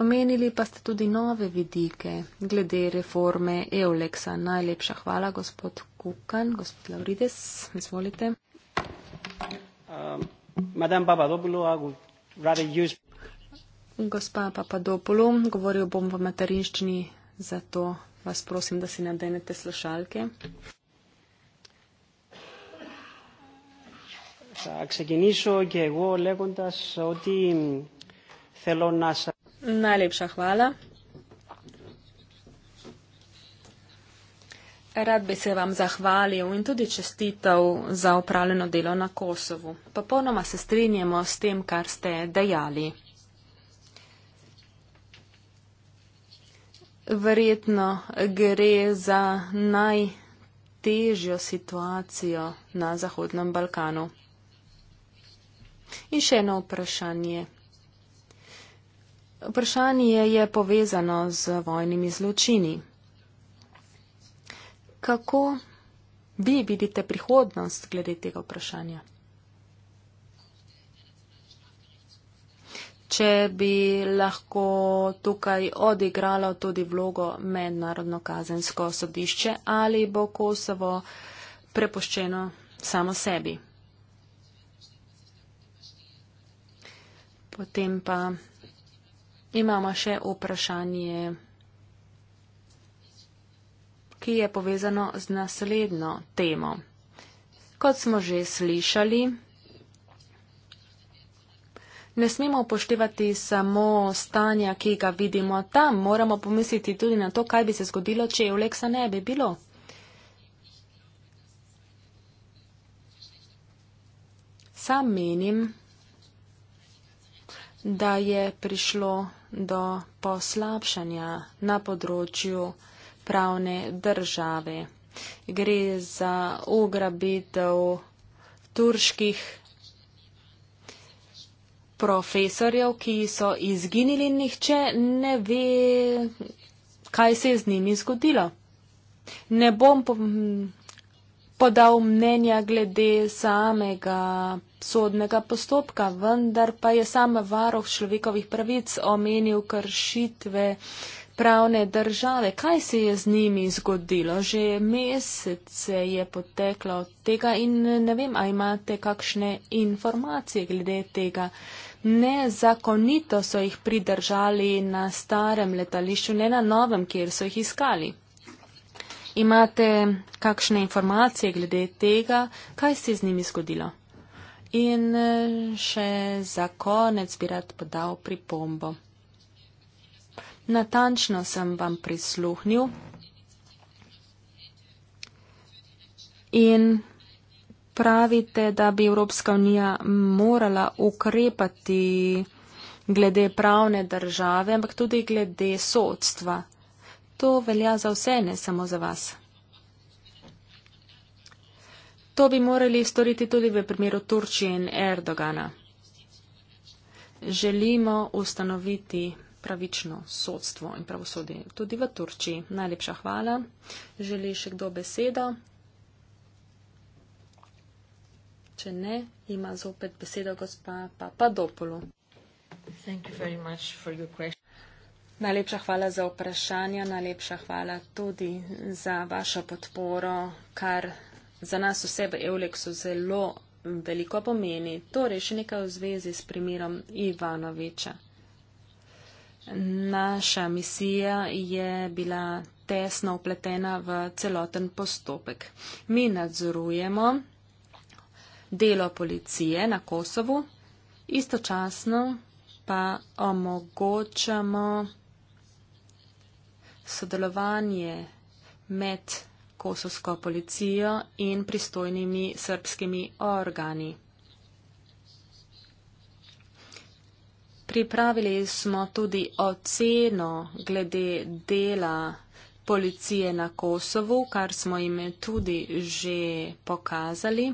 Omenili pa ste tudi nove vidike glede reforme Euleksa. Najlepša hvala, gospod Kukan. Gospod Laurides, izvolite. Um, use... Gospa Papadopoulou, govoril bom v materinščini, zato vas prosim, da si nadenete slušalke. θα ξεκινήσω και εγώ λέγοντας ότι θέλω να σας... Να λείψα χβάλα. Rad bi se vam zahvalil in tudi čestitev za upravljeno delo na Kosovu. Popolnoma se strinjamo s tem, kar ste dejali. Verjetno gre za najtežjo situacijo na Zahodnem Balkanu. In še eno vprašanje. Vprašanje je povezano z vojnimi zločini. Kako vi vidite prihodnost glede tega vprašanja? Če bi lahko tukaj odigralo tudi vlogo mednarodno kazensko sodišče ali bo Kosovo prepoščeno samo sebi? Potem pa imamo še vprašanje, ki je povezano z naslednjo temo. Kot smo že slišali, ne smemo upoštevati samo stanja, ki ga vidimo tam. Moramo pomisliti tudi na to, kaj bi se zgodilo, če je Oleksa ne bi bilo. Sam menim, da je prišlo do poslabšanja na področju pravne države. Gre za ugrabitev turških profesorjev, ki so izginili in nihče ne ve, kaj se je z njimi zgodilo. Ne bom podal mnenja glede samega sodnega postopka, vendar pa je sam varoh človekovih pravic omenil kršitve pravne države. Kaj se je z njimi zgodilo? Že mesece je poteklo od tega in ne vem, a imate kakšne informacije glede tega. Nezakonito so jih pridržali na starem letališču, ne na novem, kjer so jih iskali imate kakšne informacije glede tega, kaj se je z njimi zgodilo? In eh, še za konec bi rad podal pripombo. Natančno sem vam prisluhnil in pravite, da bi Evropska unija morala ukrepati glede pravne države, ampak tudi glede sodstva. To velja za vse, ne samo za vas. To bi morali storiti tudi v primeru Turčije in Erdogana. Želimo ustanoviti pravično sodstvo in pravosodje tudi v Turčiji. Najlepša hvala. Želi še kdo besedo? Če ne, ima zopet besedo gospa Papadopolo. Najlepša hvala za vprašanja, najlepša hvala tudi za vašo podporo, kar za nas vse v Euleksu zelo veliko pomeni. Torej, še nekaj v zvezi s primerom Ivanoviča. Naša misija je bila tesno upletena v celoten postopek. Mi nadzorujemo delo policije na Kosovu, istočasno pa omogočamo sodelovanje med kosovsko policijo in pristojnimi srpskimi organi. Pripravili smo tudi oceno glede dela policije na Kosovu, kar smo jim tudi že pokazali.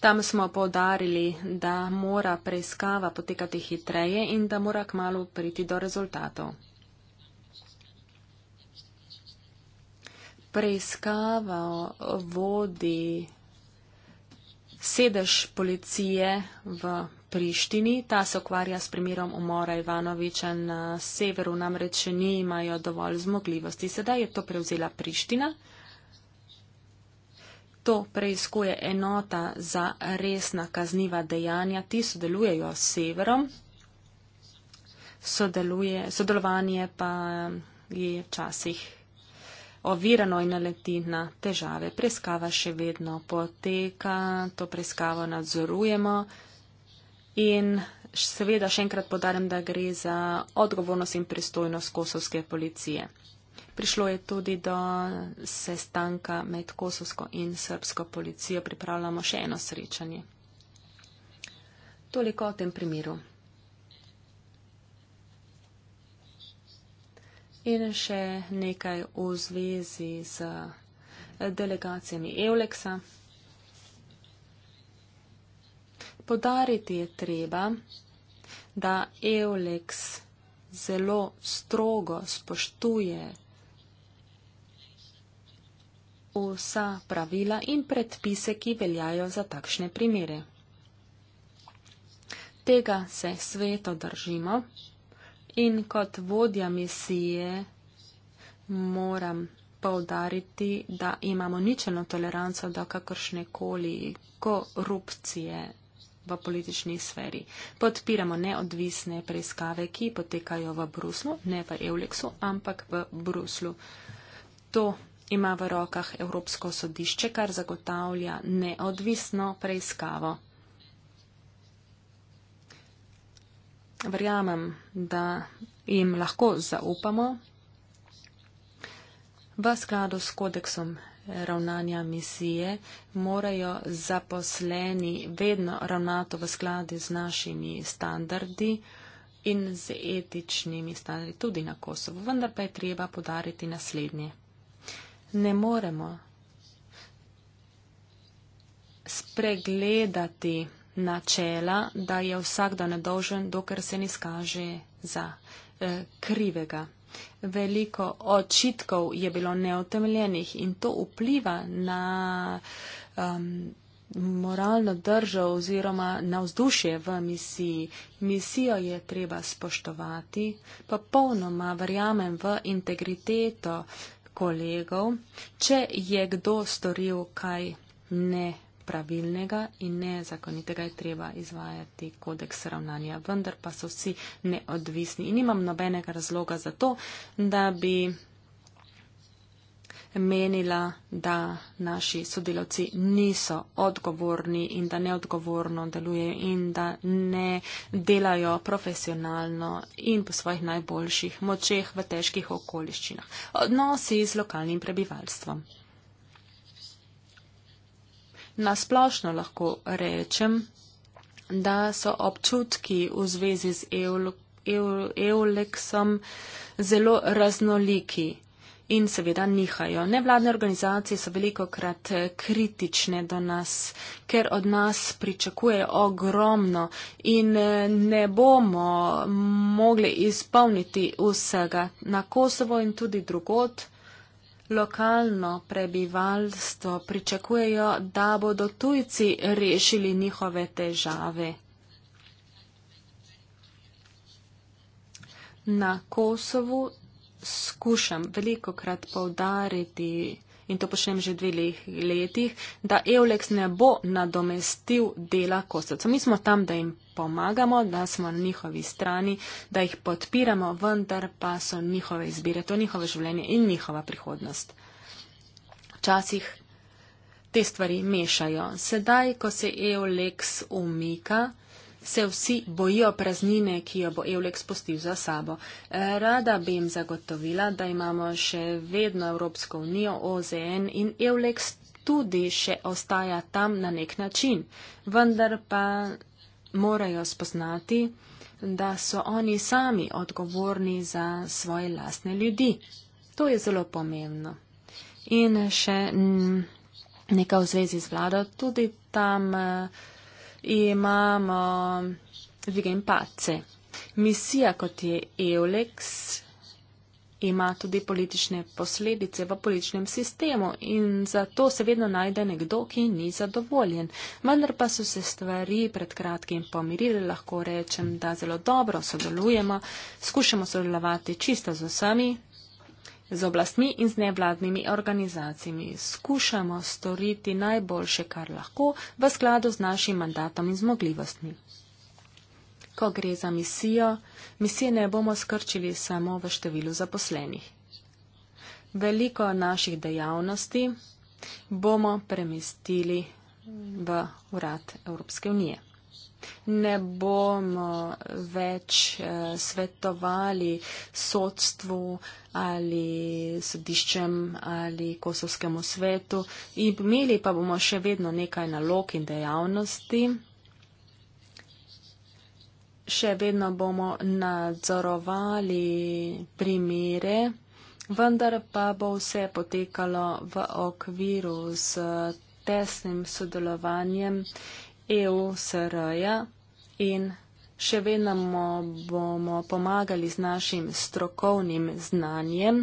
Tam smo podarili, da mora preiskava potekati hitreje in da mora kmalo priti do rezultatov. preiskavo vodi sedež policije v Prištini. Ta se ukvarja s primerom umora Ivanoviča na severu, namreč ni imajo dovolj zmogljivosti. Sedaj je to prevzela Priština. To preizkuje enota za resna kazniva dejanja. Ti sodelujejo s severom. Sodeluje, sodelovanje pa je včasih ovirano in naleti na težave. Preiskava še vedno poteka, to preiskavo nadzorujemo in seveda še enkrat podarjam, da gre za odgovornost in pristojnost kosovske policije. Prišlo je tudi do sestanka med kosovsko in srbsko policijo. Pripravljamo še eno srečanje. Toliko o tem primeru. In še nekaj v zvezi z delegacijami Euleksa. Podariti je treba, da Euleks zelo strogo spoštuje vsa pravila in predpise, ki veljajo za takšne primere. Tega se sveto držimo. In kot vodja misije moram povdariti, da imamo ničelno toleranco do kakršne koli korupcije v politični sferi. Podpiramo neodvisne preiskave, ki potekajo v Bruslu, ne v Euleksu, ampak v Bruslu. To ima v rokah Evropsko sodišče, kar zagotavlja neodvisno preiskavo. verjamem, da jim lahko zaupamo v skladu s kodeksom ravnanja misije, morajo zaposleni vedno ravnati v skladu z našimi standardi in z etičnimi standardi tudi na Kosovo. Vendar pa je treba podariti naslednje. Ne moremo spregledati načela, da je vsakdo nedolžen, dokler se ni skaže za eh, krivega. Veliko očitkov je bilo neotemljenih in to vpliva na um, moralno držo oziroma na vzdušje v misiji. Misijo je treba spoštovati, pa polnoma verjamem v integriteto kolegov, če je kdo storil kaj ne pravilnega in nezakonitega je treba izvajati kodeks ravnanja. Vendar pa so vsi neodvisni in nimam nobenega razloga za to, da bi menila, da naši sodelavci niso odgovorni in da neodgovorno delujejo in da ne delajo profesionalno in po svojih najboljših močeh v težkih okoliščinah. Odnosi z lokalnim prebivalstvom. Nasplošno lahko rečem, da so občutki v zvezi z EULEX-om zelo raznoliki in seveda nihajo. Nevladne organizacije so veliko krat eh, kritične do nas, ker od nas pričakujejo ogromno in eh, ne bomo mogli izpolniti vsega na Kosovo in tudi drugot. Lokalno prebivalstvo pričakujejo, da bodo tujci rešili njihove težave. Na Kosovu skušam veliko krat povdariti, in to počnem že dve letih, da Eulex ne bo nadomestil dela kostavcev. Mi smo tam, da jim pomagamo, da smo na njihovi strani, da jih podpiramo, vendar pa so njihove izbire, to njihovo življenje in njihova prihodnost. Včasih te stvari mešajo. Sedaj, ko se Eulex umika, se vsi bojijo praznine, ki jo bo Evlek spustil za sabo. E, rada bi jim zagotovila, da imamo še vedno Evropsko unijo, OZN in Evlek tudi še ostaja tam na nek način. Vendar pa morajo spoznati, da so oni sami odgovorni za svoje lastne ljudi. To je zelo pomembno. In še mm, nekaj v zvezi z vlado, tudi tam uh, imamo Vige in Pace. Misija, kot je Eulex, ima tudi politične posledice v političnem sistemu in zato se vedno najde nekdo, ki ni zadovoljen. Vendar pa so se stvari pred kratkim pomirili, lahko rečem, da zelo dobro sodelujemo, skušamo sodelovati čisto z vsemi, Z oblastmi in z nevladnimi organizacijami skušamo storiti najboljše, kar lahko, v skladu z našim mandatom in zmogljivostmi. Ko gre za misijo, misije ne bomo skrčili samo v številu zaposlenih. Veliko naših dejavnosti bomo premestili v Urad Evropske unije ne bomo več eh, svetovali sodstvu ali sodiščem ali kosovskemu svetu. Imeli pa bomo še vedno nekaj nalog in dejavnosti. Še vedno bomo nadzorovali primere, vendar pa bo vse potekalo v okviru s tesnim sodelovanjem EU, SR-ja in še vedno bomo pomagali z našim strokovnim znanjem.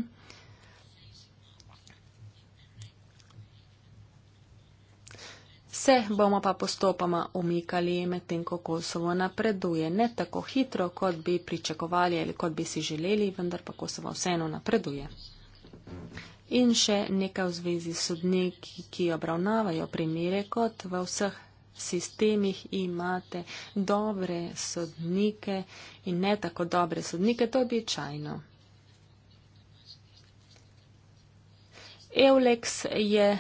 Vse bomo pa postopoma umikali med tem, ko Kosovo napreduje. Ne tako hitro, kot bi pričakovali ali kot bi si želeli, vendar pa Kosovo vseeno napreduje. In še nekaj v zvezi s sodniki, ki obravnavajo primere kot v vseh sistemih imate dobre sodnike in ne tako dobre sodnike, to je običajno. Eulex je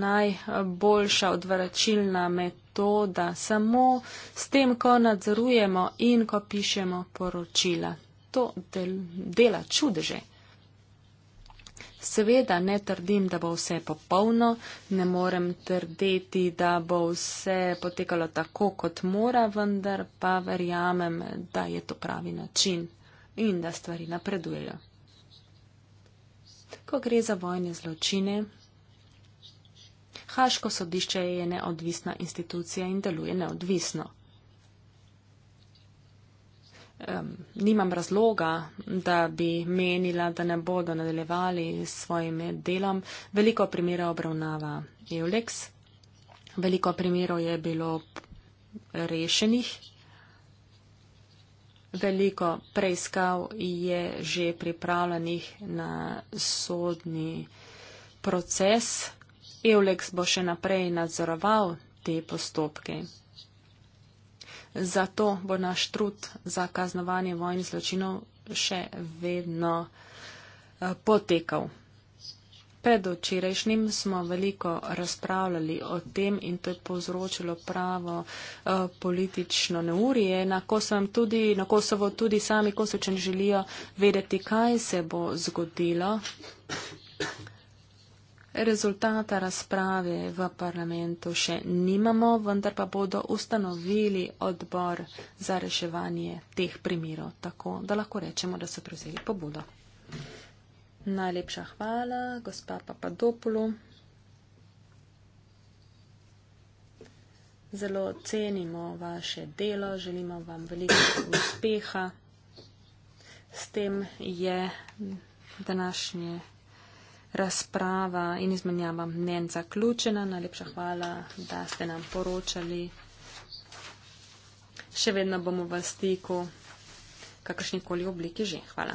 najboljša odvračilna metoda samo s tem, ko nadzorujemo in ko pišemo poročila. To del, dela čudeže. Seveda ne trdim, da bo vse popolno, ne morem trditi, da bo vse potekalo tako, kot mora, vendar pa verjamem, da je to pravi način in da stvari napredujejo. Ko gre za vojne zločine, Haško sodišče je neodvisna institucija in deluje neodvisno um, nimam razloga, da bi menila, da ne bodo nadaljevali s svojim delom. Veliko primerov obravnava Eulex, veliko primerov je bilo rešenih, veliko preiskav je že pripravljenih na sodni proces. Eulex bo še naprej nadzoroval te postopke. Zato bo naš trud za kaznovanje vojnih zločinov še vedno eh, potekal. Pred včerajšnjim smo veliko razpravljali o tem in to je povzročilo pravo uh, politično neurje. Na, tudi, na Kosovo tudi sami Kosovčani želijo vedeti, kaj se bo zgodilo. Rezultata razprave v parlamentu še nimamo, vendar pa bodo ustanovili odbor za reševanje teh primerov, tako da lahko rečemo, da so prevzeli pobudo. Najlepša hvala, gospa Papadopulu. Zelo cenimo vaše delo, želimo vam veliko uspeha. S tem je današnje razprava in izmenjava mnen zaključena. Najlepša hvala, da ste nam poročali. Še vedno bomo v stiku, kakršnikoli obliki že. Hvala.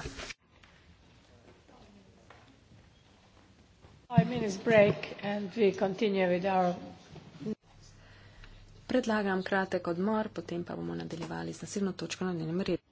Predlagam kratek odmor, potem pa bomo nadaljevali z nasilno točko na dnevnem redu.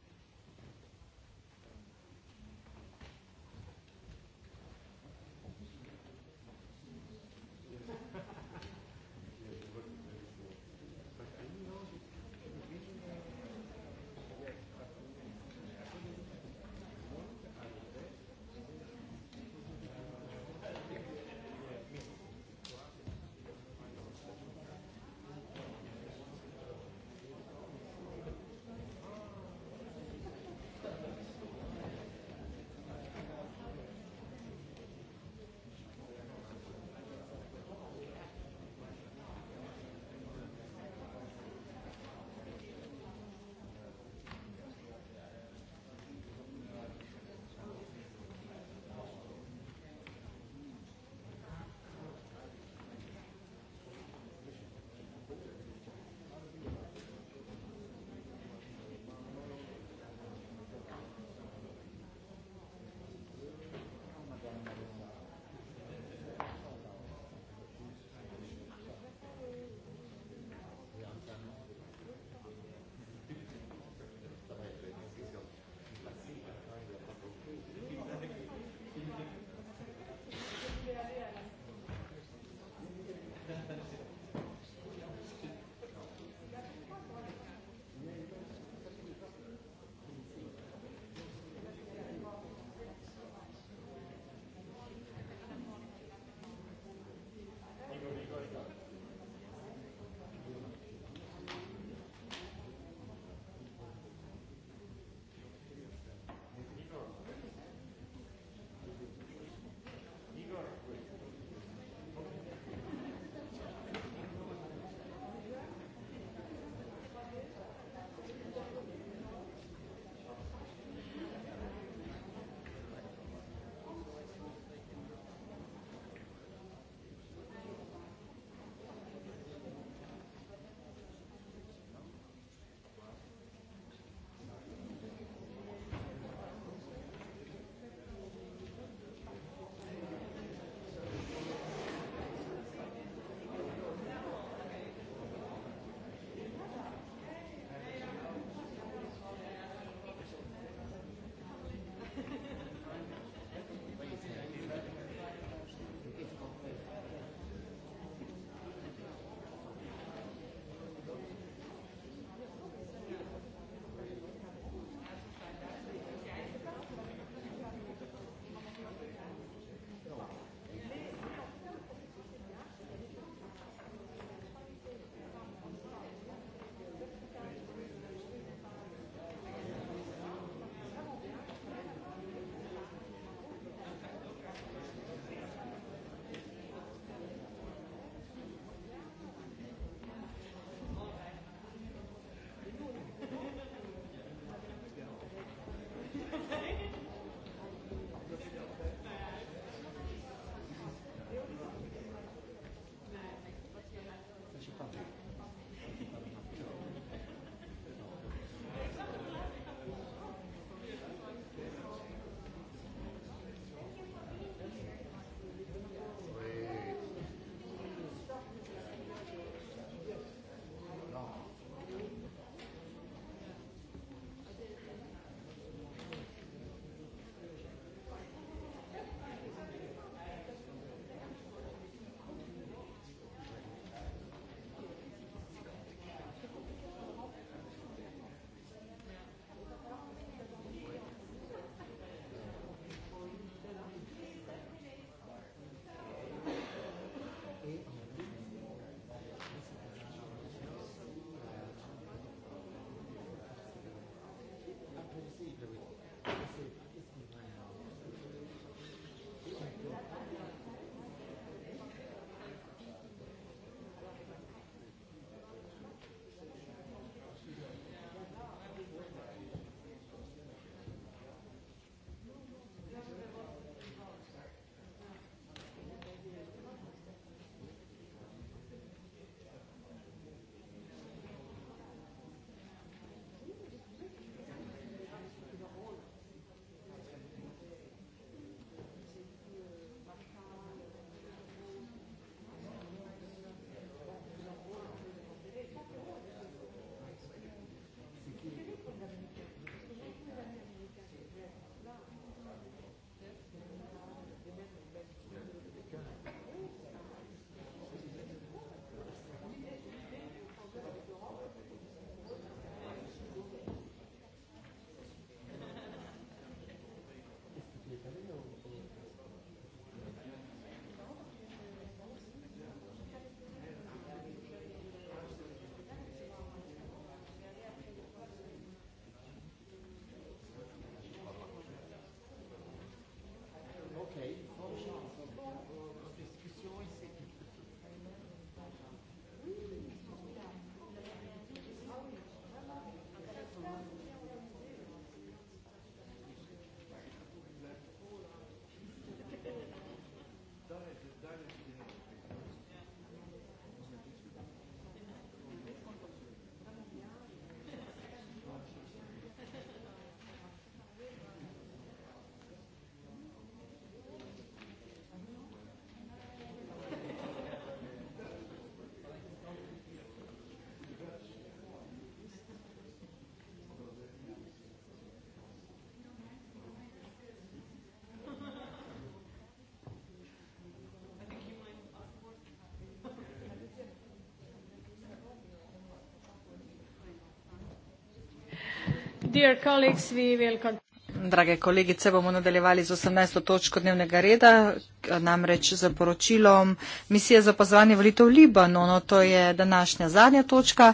Drage kolegice, bomo nadaljevali z 18. točko dnevnega reda, namreč za poročilom misije za pozvanje volitev Libanonu. To je današnja zadnja točka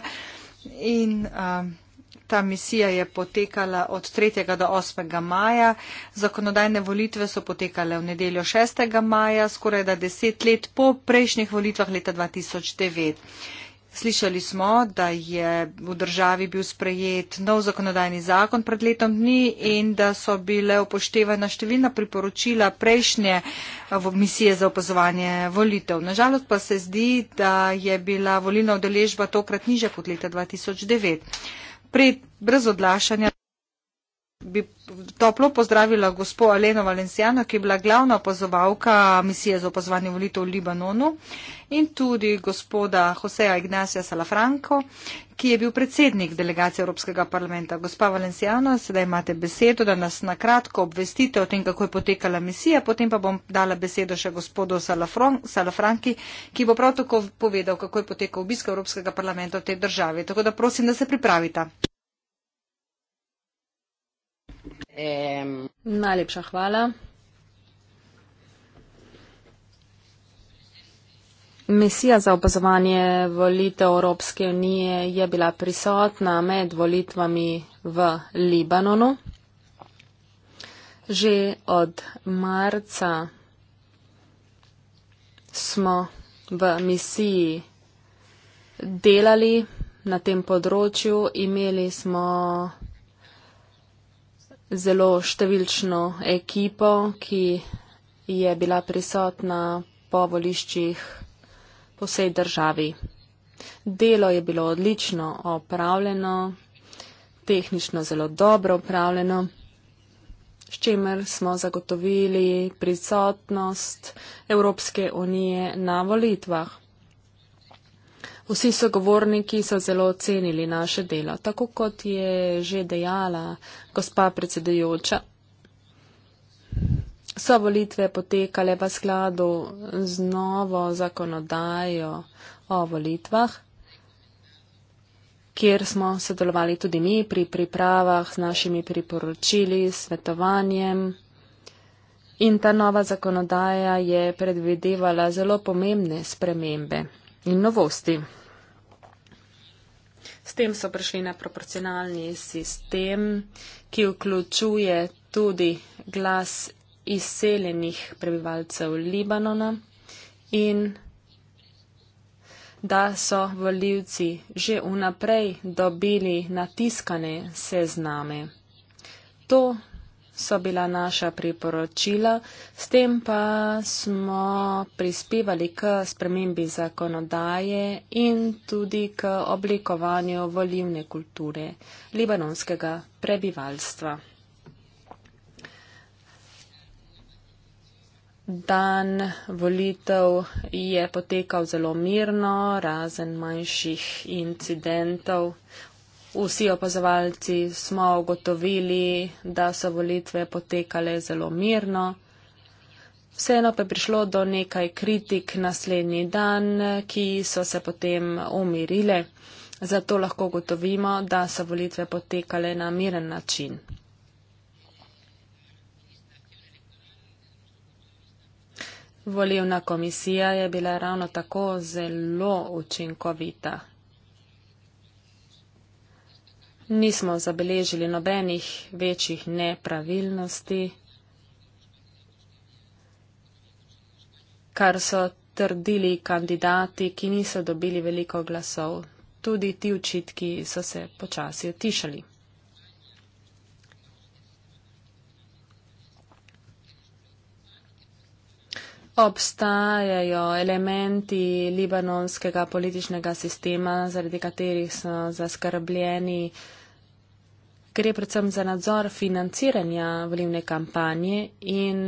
in a, ta misija je potekala od 3. do 8. maja. Zakonodajne volitve so potekale v nedeljo 6. maja, skoraj da deset let po prejšnjih volitvah leta 2009. Slišali smo, da je v državi bil sprejet nov zakonodajni zakon pred letom dni in da so bile upoštevana številna priporočila prejšnje eh, misije za opazovanje volitev. Nažalost pa se zdi, da je bila volilna odeležba tokrat nižja kot leta 2009. Pred brez odlašanja bi toplo pozdravila gospod Aleno Valenciano, ki je bila glavna opazovalka misije za opazovanje volitev v Libanonu in tudi gospoda Joseja Ignacija Salafranko, ki je bil predsednik delegacije Evropskega parlamenta. Gospa Valenciano, sedaj imate besedo, da nas na kratko obvestite o tem, kako je potekala misija, potem pa bom dala besedo še gospodu Salafranki, ki bo prav tako povedal, kako je potekal obisk Evropskega parlamenta v tej državi. Tako da prosim, da se pripravite. Najlepša hvala. Misija za opazovanje volitev Evropske unije je bila prisotna med volitvami v Libanonu. Že od marca smo v misiji delali na tem področju, imeli smo zelo številčno ekipo, ki je bila prisotna po voliščih po vsej državi. Delo je bilo odlično opravljeno, tehnično zelo dobro opravljeno, s čimer smo zagotovili prisotnost Evropske unije na volitvah. Vsi sogovorniki so zelo ocenili naše delo, tako kot je že dejala gospa predsedujoča. So volitve potekale v skladu z novo zakonodajo o volitvah, kjer smo sodelovali tudi mi pri pripravah z našimi priporočili, svetovanjem. In ta nova zakonodaja je predvidevala zelo pomembne spremembe in novosti. S tem so prišli na proporcionalni sistem, ki vključuje tudi glas izseljenih prebivalcev Libanona in da so voljivci že vnaprej dobili natiskane sezname. To so bila naša priporočila, s tem pa smo prispevali k spremembi zakonodaje in tudi k oblikovanju volivne kulture libanonskega prebivalstva. Dan volitev je potekal zelo mirno, razen manjših incidentov vsi opazovalci smo ugotovili, da so volitve potekale zelo mirno. Vseeno pa je prišlo do nekaj kritik naslednji dan, ki so se potem umirile. Zato lahko gotovimo, da so volitve potekale na miren način. Volivna komisija je bila ravno tako zelo učinkovita nismo zabeležili nobenih večjih nepravilnosti, kar so trdili kandidati, ki niso dobili veliko glasov. Tudi ti učitki so se počasi otišali. Obstajajo elementi libanonskega političnega sistema, zaradi katerih so zaskrbljeni. Gre predvsem za nadzor financiranja volivne kampanje in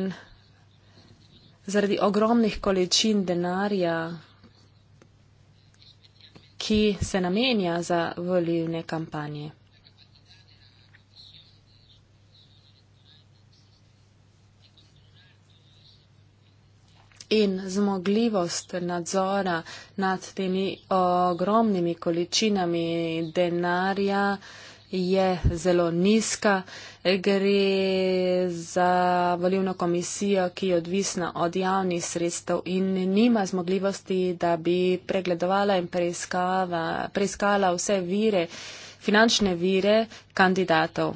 zaradi ogromnih količin denarja, ki se namenja za volivne kampanje. in zmogljivost nadzora nad temi ogromnimi količinami denarja je zelo nizka. Gre za volivno komisijo, ki je odvisna od javnih sredstev in nima zmogljivosti, da bi pregledovala in preiskala vse vire, finančne vire kandidatov.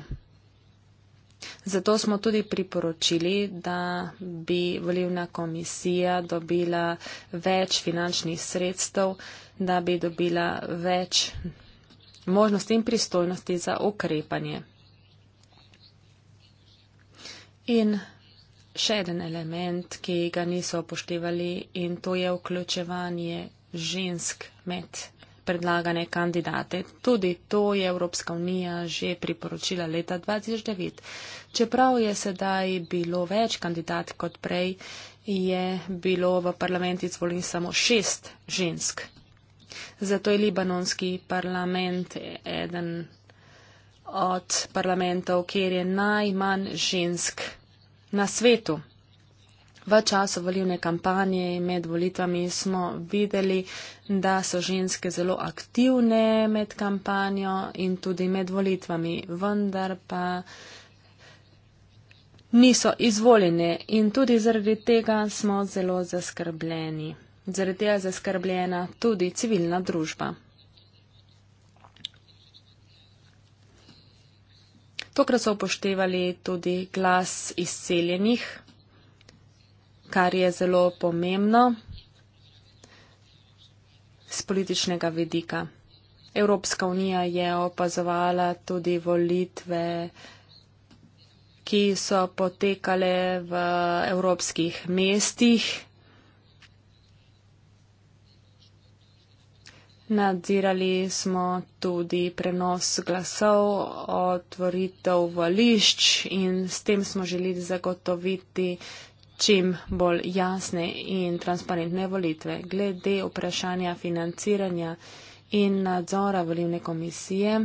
Zato smo tudi priporočili, da bi volivna komisija dobila več finančnih sredstev, da bi dobila več možnosti in pristojnosti za ukrepanje. In še en element, ki ga niso upoštevali, in to je vključevanje žensk med predlagane kandidate. Tudi to je Evropska unija že priporočila leta 2009. Čeprav je sedaj bilo več kandidat kot prej, je bilo v parlament izvoljen samo šest žensk. Zato je libanonski parlament eden od parlamentov, kjer je najmanj žensk na svetu. V času volivne kampanje in med volitvami smo videli, da so ženske zelo aktivne med kampanjo in tudi med volitvami, vendar pa niso izvoljene in tudi zaradi tega smo zelo zaskrbljeni. Zaradi tega je zaskrbljena tudi civilna družba. Tokrat so upoštevali tudi glas izseljenih kar je zelo pomembno z političnega vidika. Evropska unija je opazovala tudi volitve, ki so potekale v evropskih mestih. Nadzirali smo tudi prenos glasov, otvoritev volišč in s tem smo želeli zagotoviti čim bolj jasne in transparentne volitve. Glede vprašanja financiranja in nadzora volivne komisije,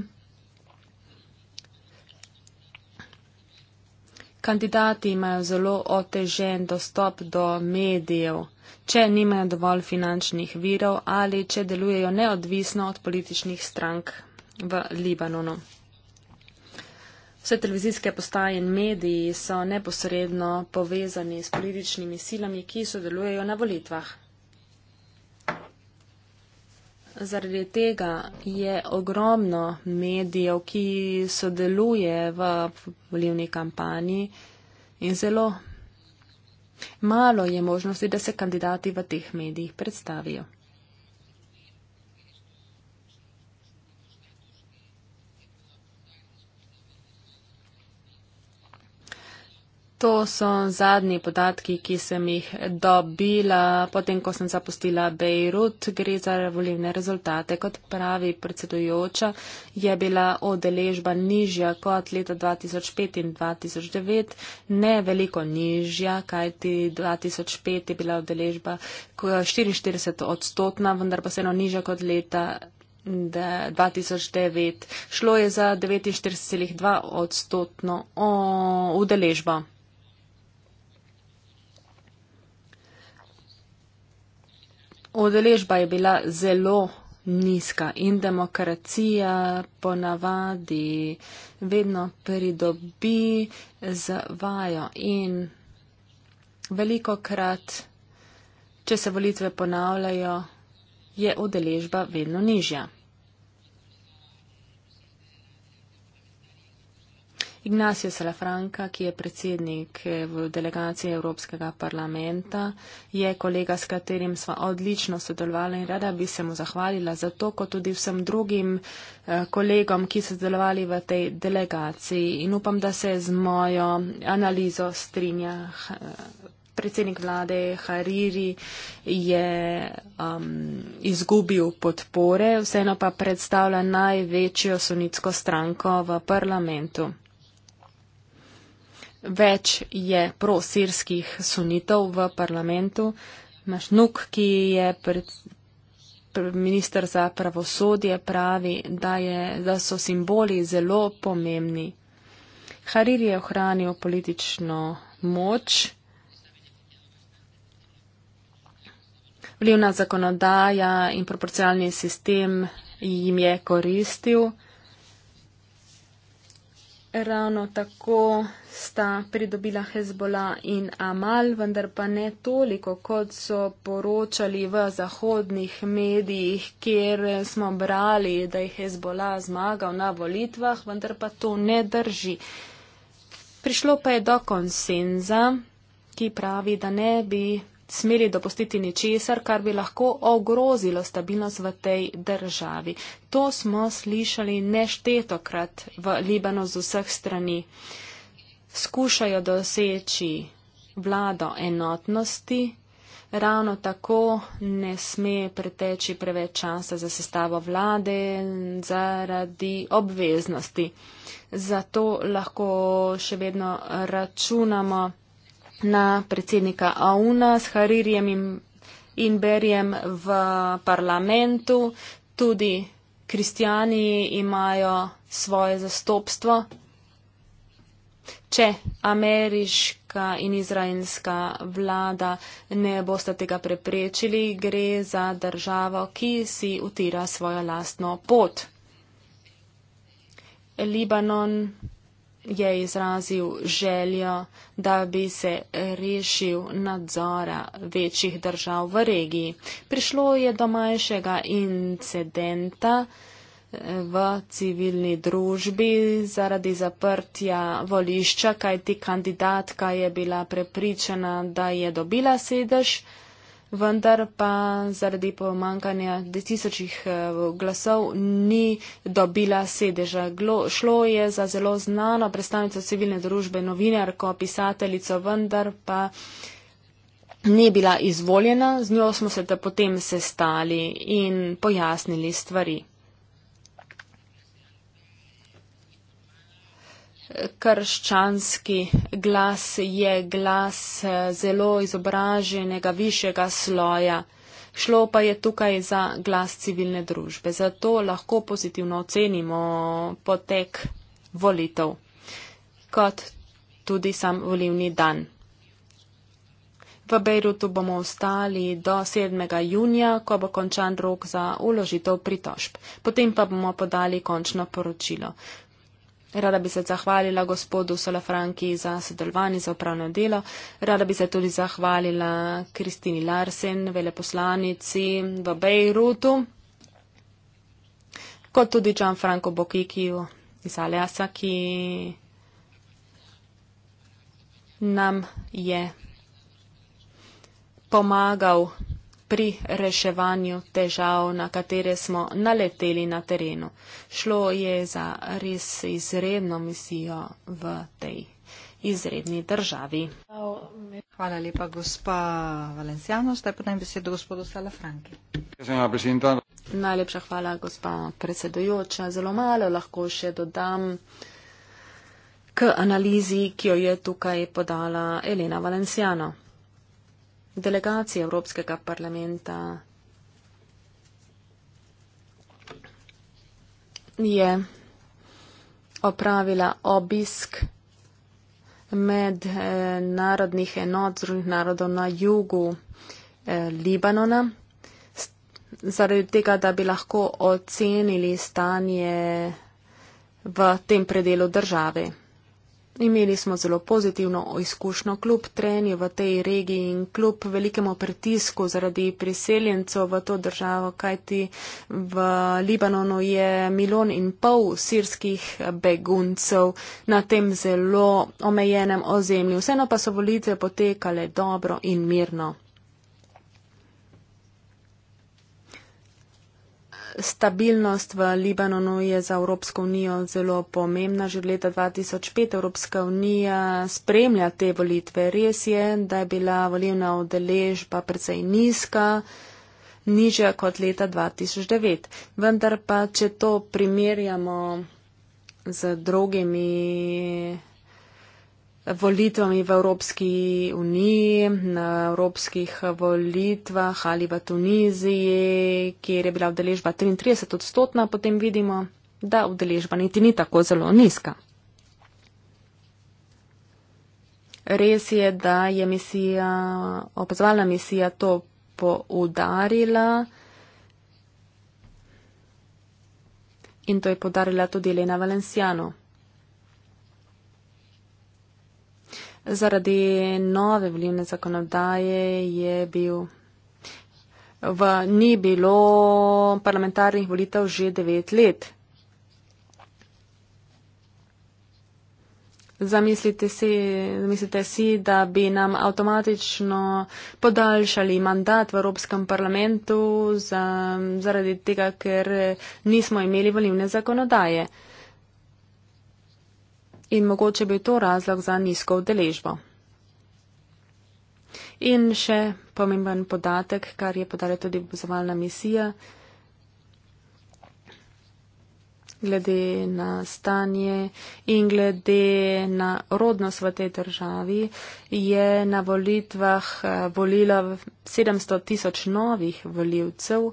kandidati imajo zelo otežen dostop do medijev, če nimajo dovolj finančnih virov ali če delujejo neodvisno od političnih strank v Libanonu. Vse televizijske postaje in mediji so neposredno povezani s političnimi silami, ki sodelujejo na volitvah. Zaradi tega je ogromno medijev, ki sodeluje v volivni kampanji in zelo malo je možnosti, da se kandidati v teh medijih predstavijo. To so zadnji podatki, ki sem jih dobila, potem ko sem zapustila Beirut. Gre za volivne rezultate. Kot pravi predsedujoča, je bila odeležba nižja kot leta 2005 in 2009, ne veliko nižja, kajti 2005 je bila odeležba 44 odstotna, vendar pa se eno nižja kot leta. 2009 šlo je za 49,2 odstotno udeležbo. Odeležba je bila zelo nizka in demokracija ponavadi vedno pridobi z vajo in veliko krat, če se volitve ponavljajo, je odeležba vedno nižja. Ignacio Salafranca, ki je predsednik eh, v delegaciji Evropskega parlamenta, je kolega, s katerim smo odlično sodelovali in rada bi se mu zahvalila za to, kot tudi vsem drugim eh, kolegom, ki so sodelovali v tej delegaciji. In upam, da se z mojo analizo strinja. Eh, predsednik vlade Hariri je um, izgubil podpore, vseeno pa predstavlja največjo sunitsko stranko v parlamentu. Več je prosirskih sunitov v parlamentu. Naš nuk, ki je pred, pred minister za pravosodje, pravi, da, je, da so simboli zelo pomembni. Harir je ohranil politično moč. Vljivna zakonodaja in proporcionalni sistem jim je koristil ravno tako sta pridobila Hezbollah in Amal, vendar pa ne toliko, kot so poročali v zahodnih medijih, kjer smo brali, da je Hezbollah zmagal na volitvah, vendar pa to ne drži. Prišlo pa je do konsenza, ki pravi, da ne bi smeli dopustiti ničesar, kar bi lahko ogrozilo stabilnost v tej državi. To smo slišali neštetokrat v Libanu z vseh strani. Skušajo doseči vlado enotnosti, ravno tako ne sme preteči preveč časa za sestavo vlade zaradi obveznosti. Zato lahko še vedno računamo na predsednika Auna s Haririjem in Berjem v parlamentu. Tudi kristijani imajo svoje zastopstvo. Če ameriška in izraelska vlada ne boste tega preprečili, gre za državo, ki si utira svojo lastno pot. Libanon je izrazil željo, da bi se rešil nadzora večjih držav v regiji. Prišlo je do manjšega incidenta eh, v civilni družbi zaradi zaprtja volišča, kajti kandidatka je bila prepričana, da je dobila sedež vendar pa zaradi pomankanja tisočih eh, glasov ni dobila sedeža. Glo, šlo je za zelo znano predstavnico civilne družbe, novinarko, pisateljico, vendar pa ni bila izvoljena. Z njo smo se potem sestali in pojasnili stvari. krščanski glas je glas eh, zelo izobraženega, višjega sloja. Šlo pa je tukaj za glas civilne družbe. Zato lahko pozitivno ocenimo potek volitev, kot tudi sam volivni dan. V Bejrutu bomo ostali do 7. junija, ko bo končan rok za uložitev pritožb. Potem pa bomo podali končno poročilo. Rada bi se zahvalila gospodu Solafranki za sodelovanje za upravno delo. Rada bi se tudi zahvalila Kristini Larsen, veleposlanici v Bejrutu, kot tudi Gianfranco Bokikiju iz Aljasa, ki nam je pomagal pri reševanju težav, na katere smo naleteli na terenu. Šlo je za res izredno misijo v tej izredni državi. Hvala lepa, gospa Valencijano. Zdaj pa dajem besedo gospodu Sala Franki. Najlepša hvala, gospa predsedujoča. Zelo malo lahko še dodam k analizi, ki jo je tukaj podala Elena Valencijano delegacije Evropskega parlamenta je opravila obisk med narodnih enot zrunih narodov na jugu eh, Libanona, zaradi tega, da bi lahko ocenili stanje v tem predelu države. Imeli smo zelo pozitivno izkušnjo kljub trenju v tej regiji in kljub velikemu pritisku zaradi priseljencev v to državo, kajti v Libanonu je milijon in pol sirskih beguncev na tem zelo omejenem ozemlju. Vseeno pa so volitve potekale dobro in mirno. Stabilnost v Libanonu je za Evropsko unijo zelo pomembna. Že od leta 2005 Evropska unija spremlja te volitve. Res je, da je bila volivna udeležba precej nizka, nižja kot leta 2009. Vendar pa, če to primerjamo z drugimi volitvami v Evropski uniji, na evropskih volitvah ali v Tuniziji, kjer je bila udeležba 33 odstotna, potem vidimo, da udeležba niti ni tako zelo nizka. Res je, da je misija, opazovalna misija to poudarila. In to je podarila tudi Elena Valenciano. Zaradi nove volivne zakonodaje je bil. V, ni bilo parlamentarnih volitev že devet let. Zamislite si, zamislite si, da bi nam avtomatično podaljšali mandat v Evropskem parlamentu za, zaradi tega, ker nismo imeli volivne zakonodaje in mogoče bi to razlog za nizko udeležbo. In še pomemben podatek, kar je podala tudi obzovalna misija, glede na stanje in glede na rodnost v tej državi, je na volitvah eh, volila 700 tisoč novih voljivcev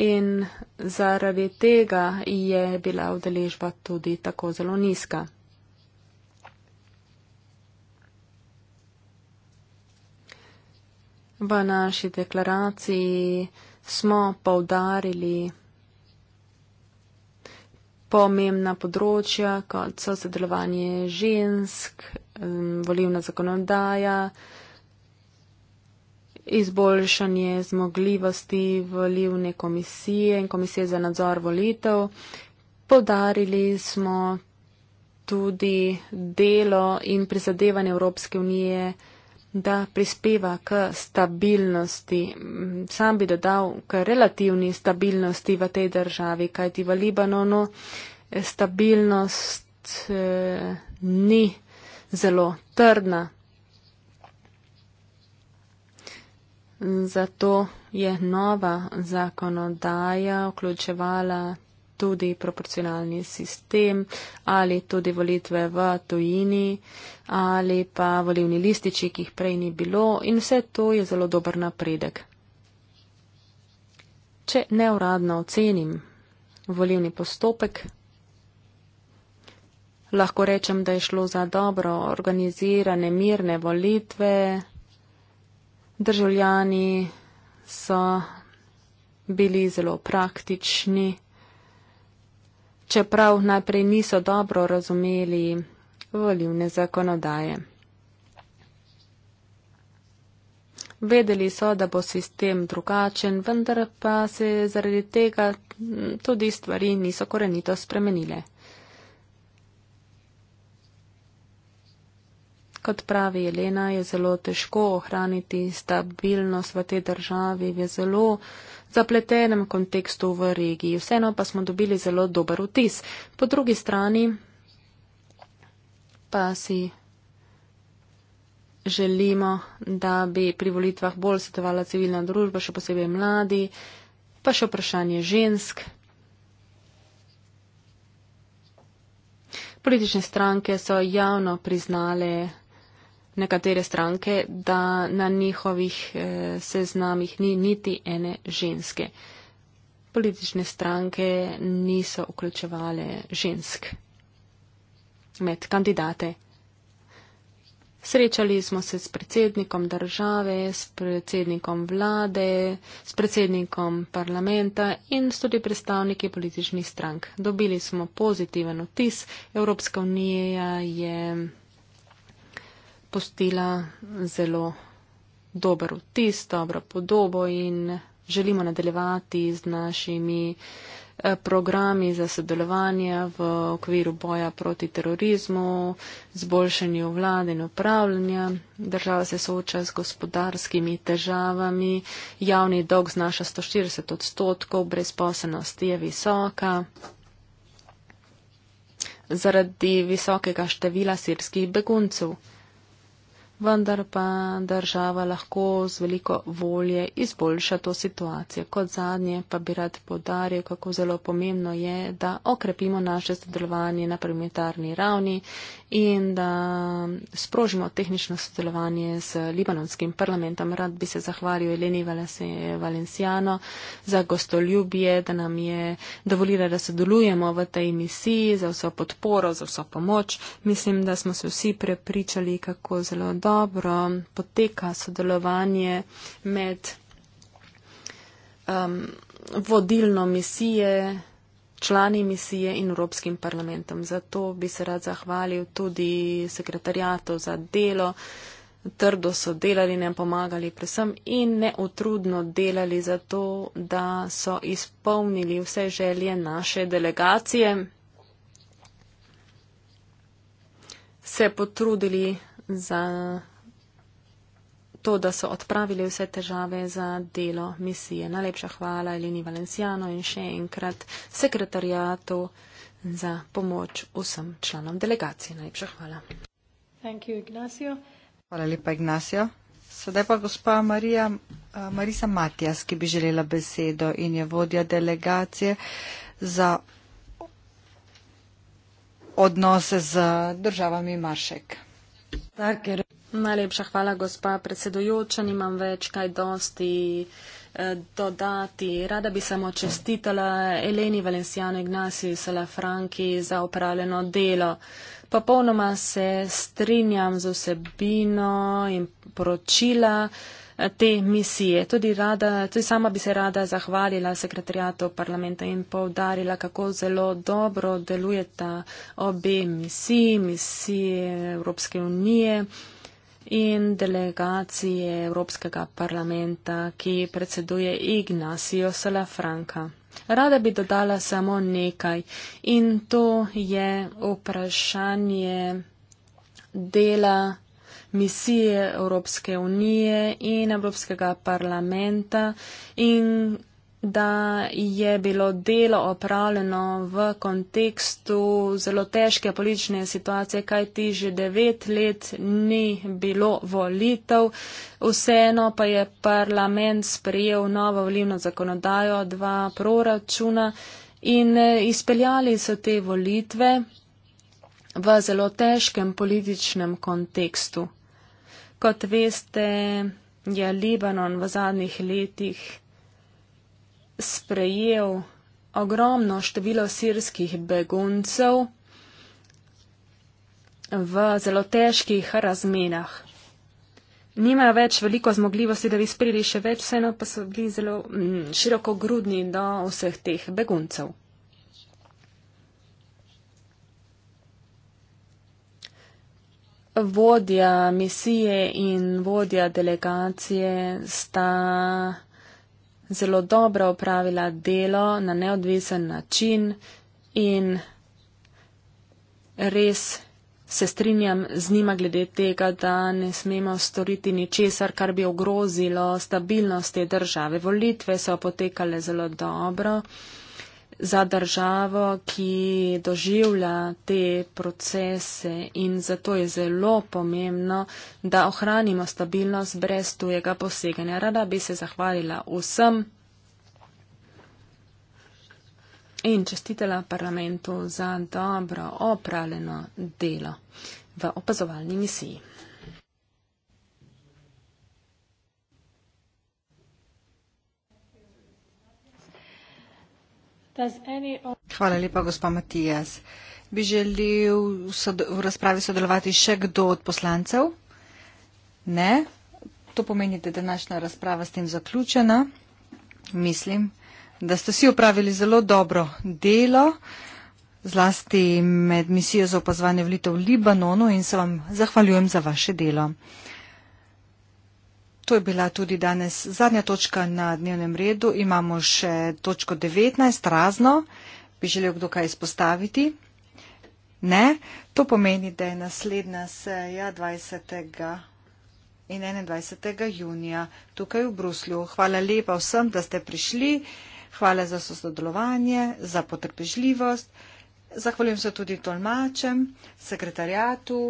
in zaradi tega je bila udeležba tudi tako zelo nizka. V naši deklaraciji smo povdarili pomembna področja, kot so sodelovanje žensk, ehm, volivna zakonodaja, izboljšanje zmogljivosti volivne komisije in komisije za nadzor volitev. Podarili smo tudi delo in prizadevanje Evropske unije, da prispeva k stabilnosti. Sam bi dodal k relativni stabilnosti v tej državi, kajti v Libanonu stabilnost eh, ni zelo trdna. Zato je nova zakonodaja vključevala tudi proporcionalni sistem ali tudi volitve v tujini ali pa volivni lističi, ki jih prej ni bilo in vse to je zelo dober napredek. Če neuradno ocenim volivni postopek, lahko rečem, da je šlo za dobro organizirane mirne volitve državljani so bili zelo praktični, čeprav najprej niso dobro razumeli volivne zakonodaje. Vedeli so, da bo sistem drugačen, vendar pa se zaradi tega tudi stvari niso korenito spremenile. kot pravi Elena, je zelo težko ohraniti stabilnost v tej državi, je zelo zapletenem kontekstu v regiji. Vseeno pa smo dobili zelo dober vtis. Po drugi strani pa si želimo, da bi pri volitvah bolj svetovala civilna družba, še posebej mladi, pa še vprašanje žensk. Politične stranke so javno priznale nekatere stranke, da na njihovih eh, seznamih ni niti ene ženske. Politične stranke niso vključevale žensk med kandidate. Srečali smo se s predsednikom države, s predsednikom vlade, s predsednikom parlamenta in s tudi predstavniki političnih strank. Dobili smo pozitiven otis. Evropska unija je postila zelo dober vtis, dobro podobo in želimo nadaljevati z našimi eh, programi za sodelovanje v okviru boja proti terorizmu, zboljšanju vlade in upravljanja. Država se sooča s gospodarskimi težavami, javni dolg znaša 140 odstotkov, brezposobnost je visoka. Zaradi visokega števila sirskih beguncev vendar pa država lahko z veliko volje izboljša to situacijo. Kot zadnje pa bi rad podaril, kako zelo pomembno je, da okrepimo naše sodelovanje na parlamentarni ravni in da sprožimo tehnično sodelovanje z libanonskim parlamentom. Rad bi se zahvalil Eleni Valenciano za gostoljubje, da nam je dovolila, da sodelujemo v tej misiji, za vso podporo, za vso pomoč. Mislim, da smo se vsi prepričali, kako zelo dobro dobro poteka sodelovanje med um, vodilno misije, člani misije in Evropskim parlamentom. Zato bi se rad zahvalil tudi sekretarjatu za delo. Trdo so delali, nam pomagali predvsem in neutrudno delali za to, da so izpolnili vse želje naše delegacije, se potrudili za to, da so odpravili vse težave za delo misije. Najlepša hvala Eleni Valenciano in še enkrat sekretarijatu za pomoč vsem članom delegacije. Najlepša hvala. You, hvala lepa, Ignacio. Sedaj pa gospa Marija, eh, Marisa Matjas, ki bi želela besedo in je vodja delegacije za odnose z državami Maršek. Starker. Najlepša hvala, gospa predsedujoča. Nimam več kaj dosti eh, dodati. Rada bi samo čestitala Eleni Valencijano Ignaciju Salafranki za upravljeno delo. Popolnoma se strinjam z vsebino in poročila te misije. Tudi, rada, tudi sama bi se rada zahvalila sekretarjatu parlamenta in povdarila, kako zelo dobro delujeta obe misiji, misije Evropske unije in delegacije Evropskega parlamenta, ki predseduje Ignacio Salafranca. Rada bi dodala samo nekaj in to je vprašanje dela misije Evropske unije in Evropskega parlamenta in da je bilo delo opravljeno v kontekstu zelo težke politične situacije, kajti že devet let ni bilo volitev. Vseeno pa je parlament sprejel novo volivno zakonodajo, dva proračuna in eh, izpeljali so te volitve v zelo težkem političnem kontekstu. Kot veste, je Libanon v zadnjih letih sprejel ogromno število sirskih beguncev v zelo težkih razmerah. Nimajo več veliko zmogljivosti, da bi sprejeli še več, vseeno pa so bili zelo mm, široko grudni do vseh teh beguncev. vodja misije in vodja delegacije sta zelo dobro upravila delo na neodvisen način in res se strinjam z njima glede tega, da ne smemo storiti ničesar, kar bi ogrozilo stabilnost te države. Volitve so potekale zelo dobro za državo, ki doživlja te procese in zato je zelo pomembno, da ohranimo stabilnost brez tujega poseganja. Rada bi se zahvalila vsem in čestitela parlamentu za dobro opravljeno delo v opazovalni misiji. Hvala lepa, gospa Matijas. Bi želel v razpravi sodelovati še kdo od poslancev? Ne. To pomeni, da je današnja razprava s tem zaključena. Mislim, da ste si upravili zelo dobro delo, zlasti med misijo za opazovanje v Litov Libanonu in se vam zahvaljujem za vaše delo. To je bila tudi danes zadnja točka na dnevnem redu. Imamo še točko 19, razno. Bi želel kdo kaj izpostaviti? Ne. To pomeni, da je naslednja seja 20. in 21. junija tukaj v Bruslju. Hvala lepa vsem, da ste prišli. Hvala za sodelovanje, za potrpežljivost. Zahvaljujem se tudi tolmačem, sekretarjatu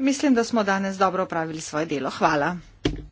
mislim da smo danes dobro opravili svoje delo. hvala.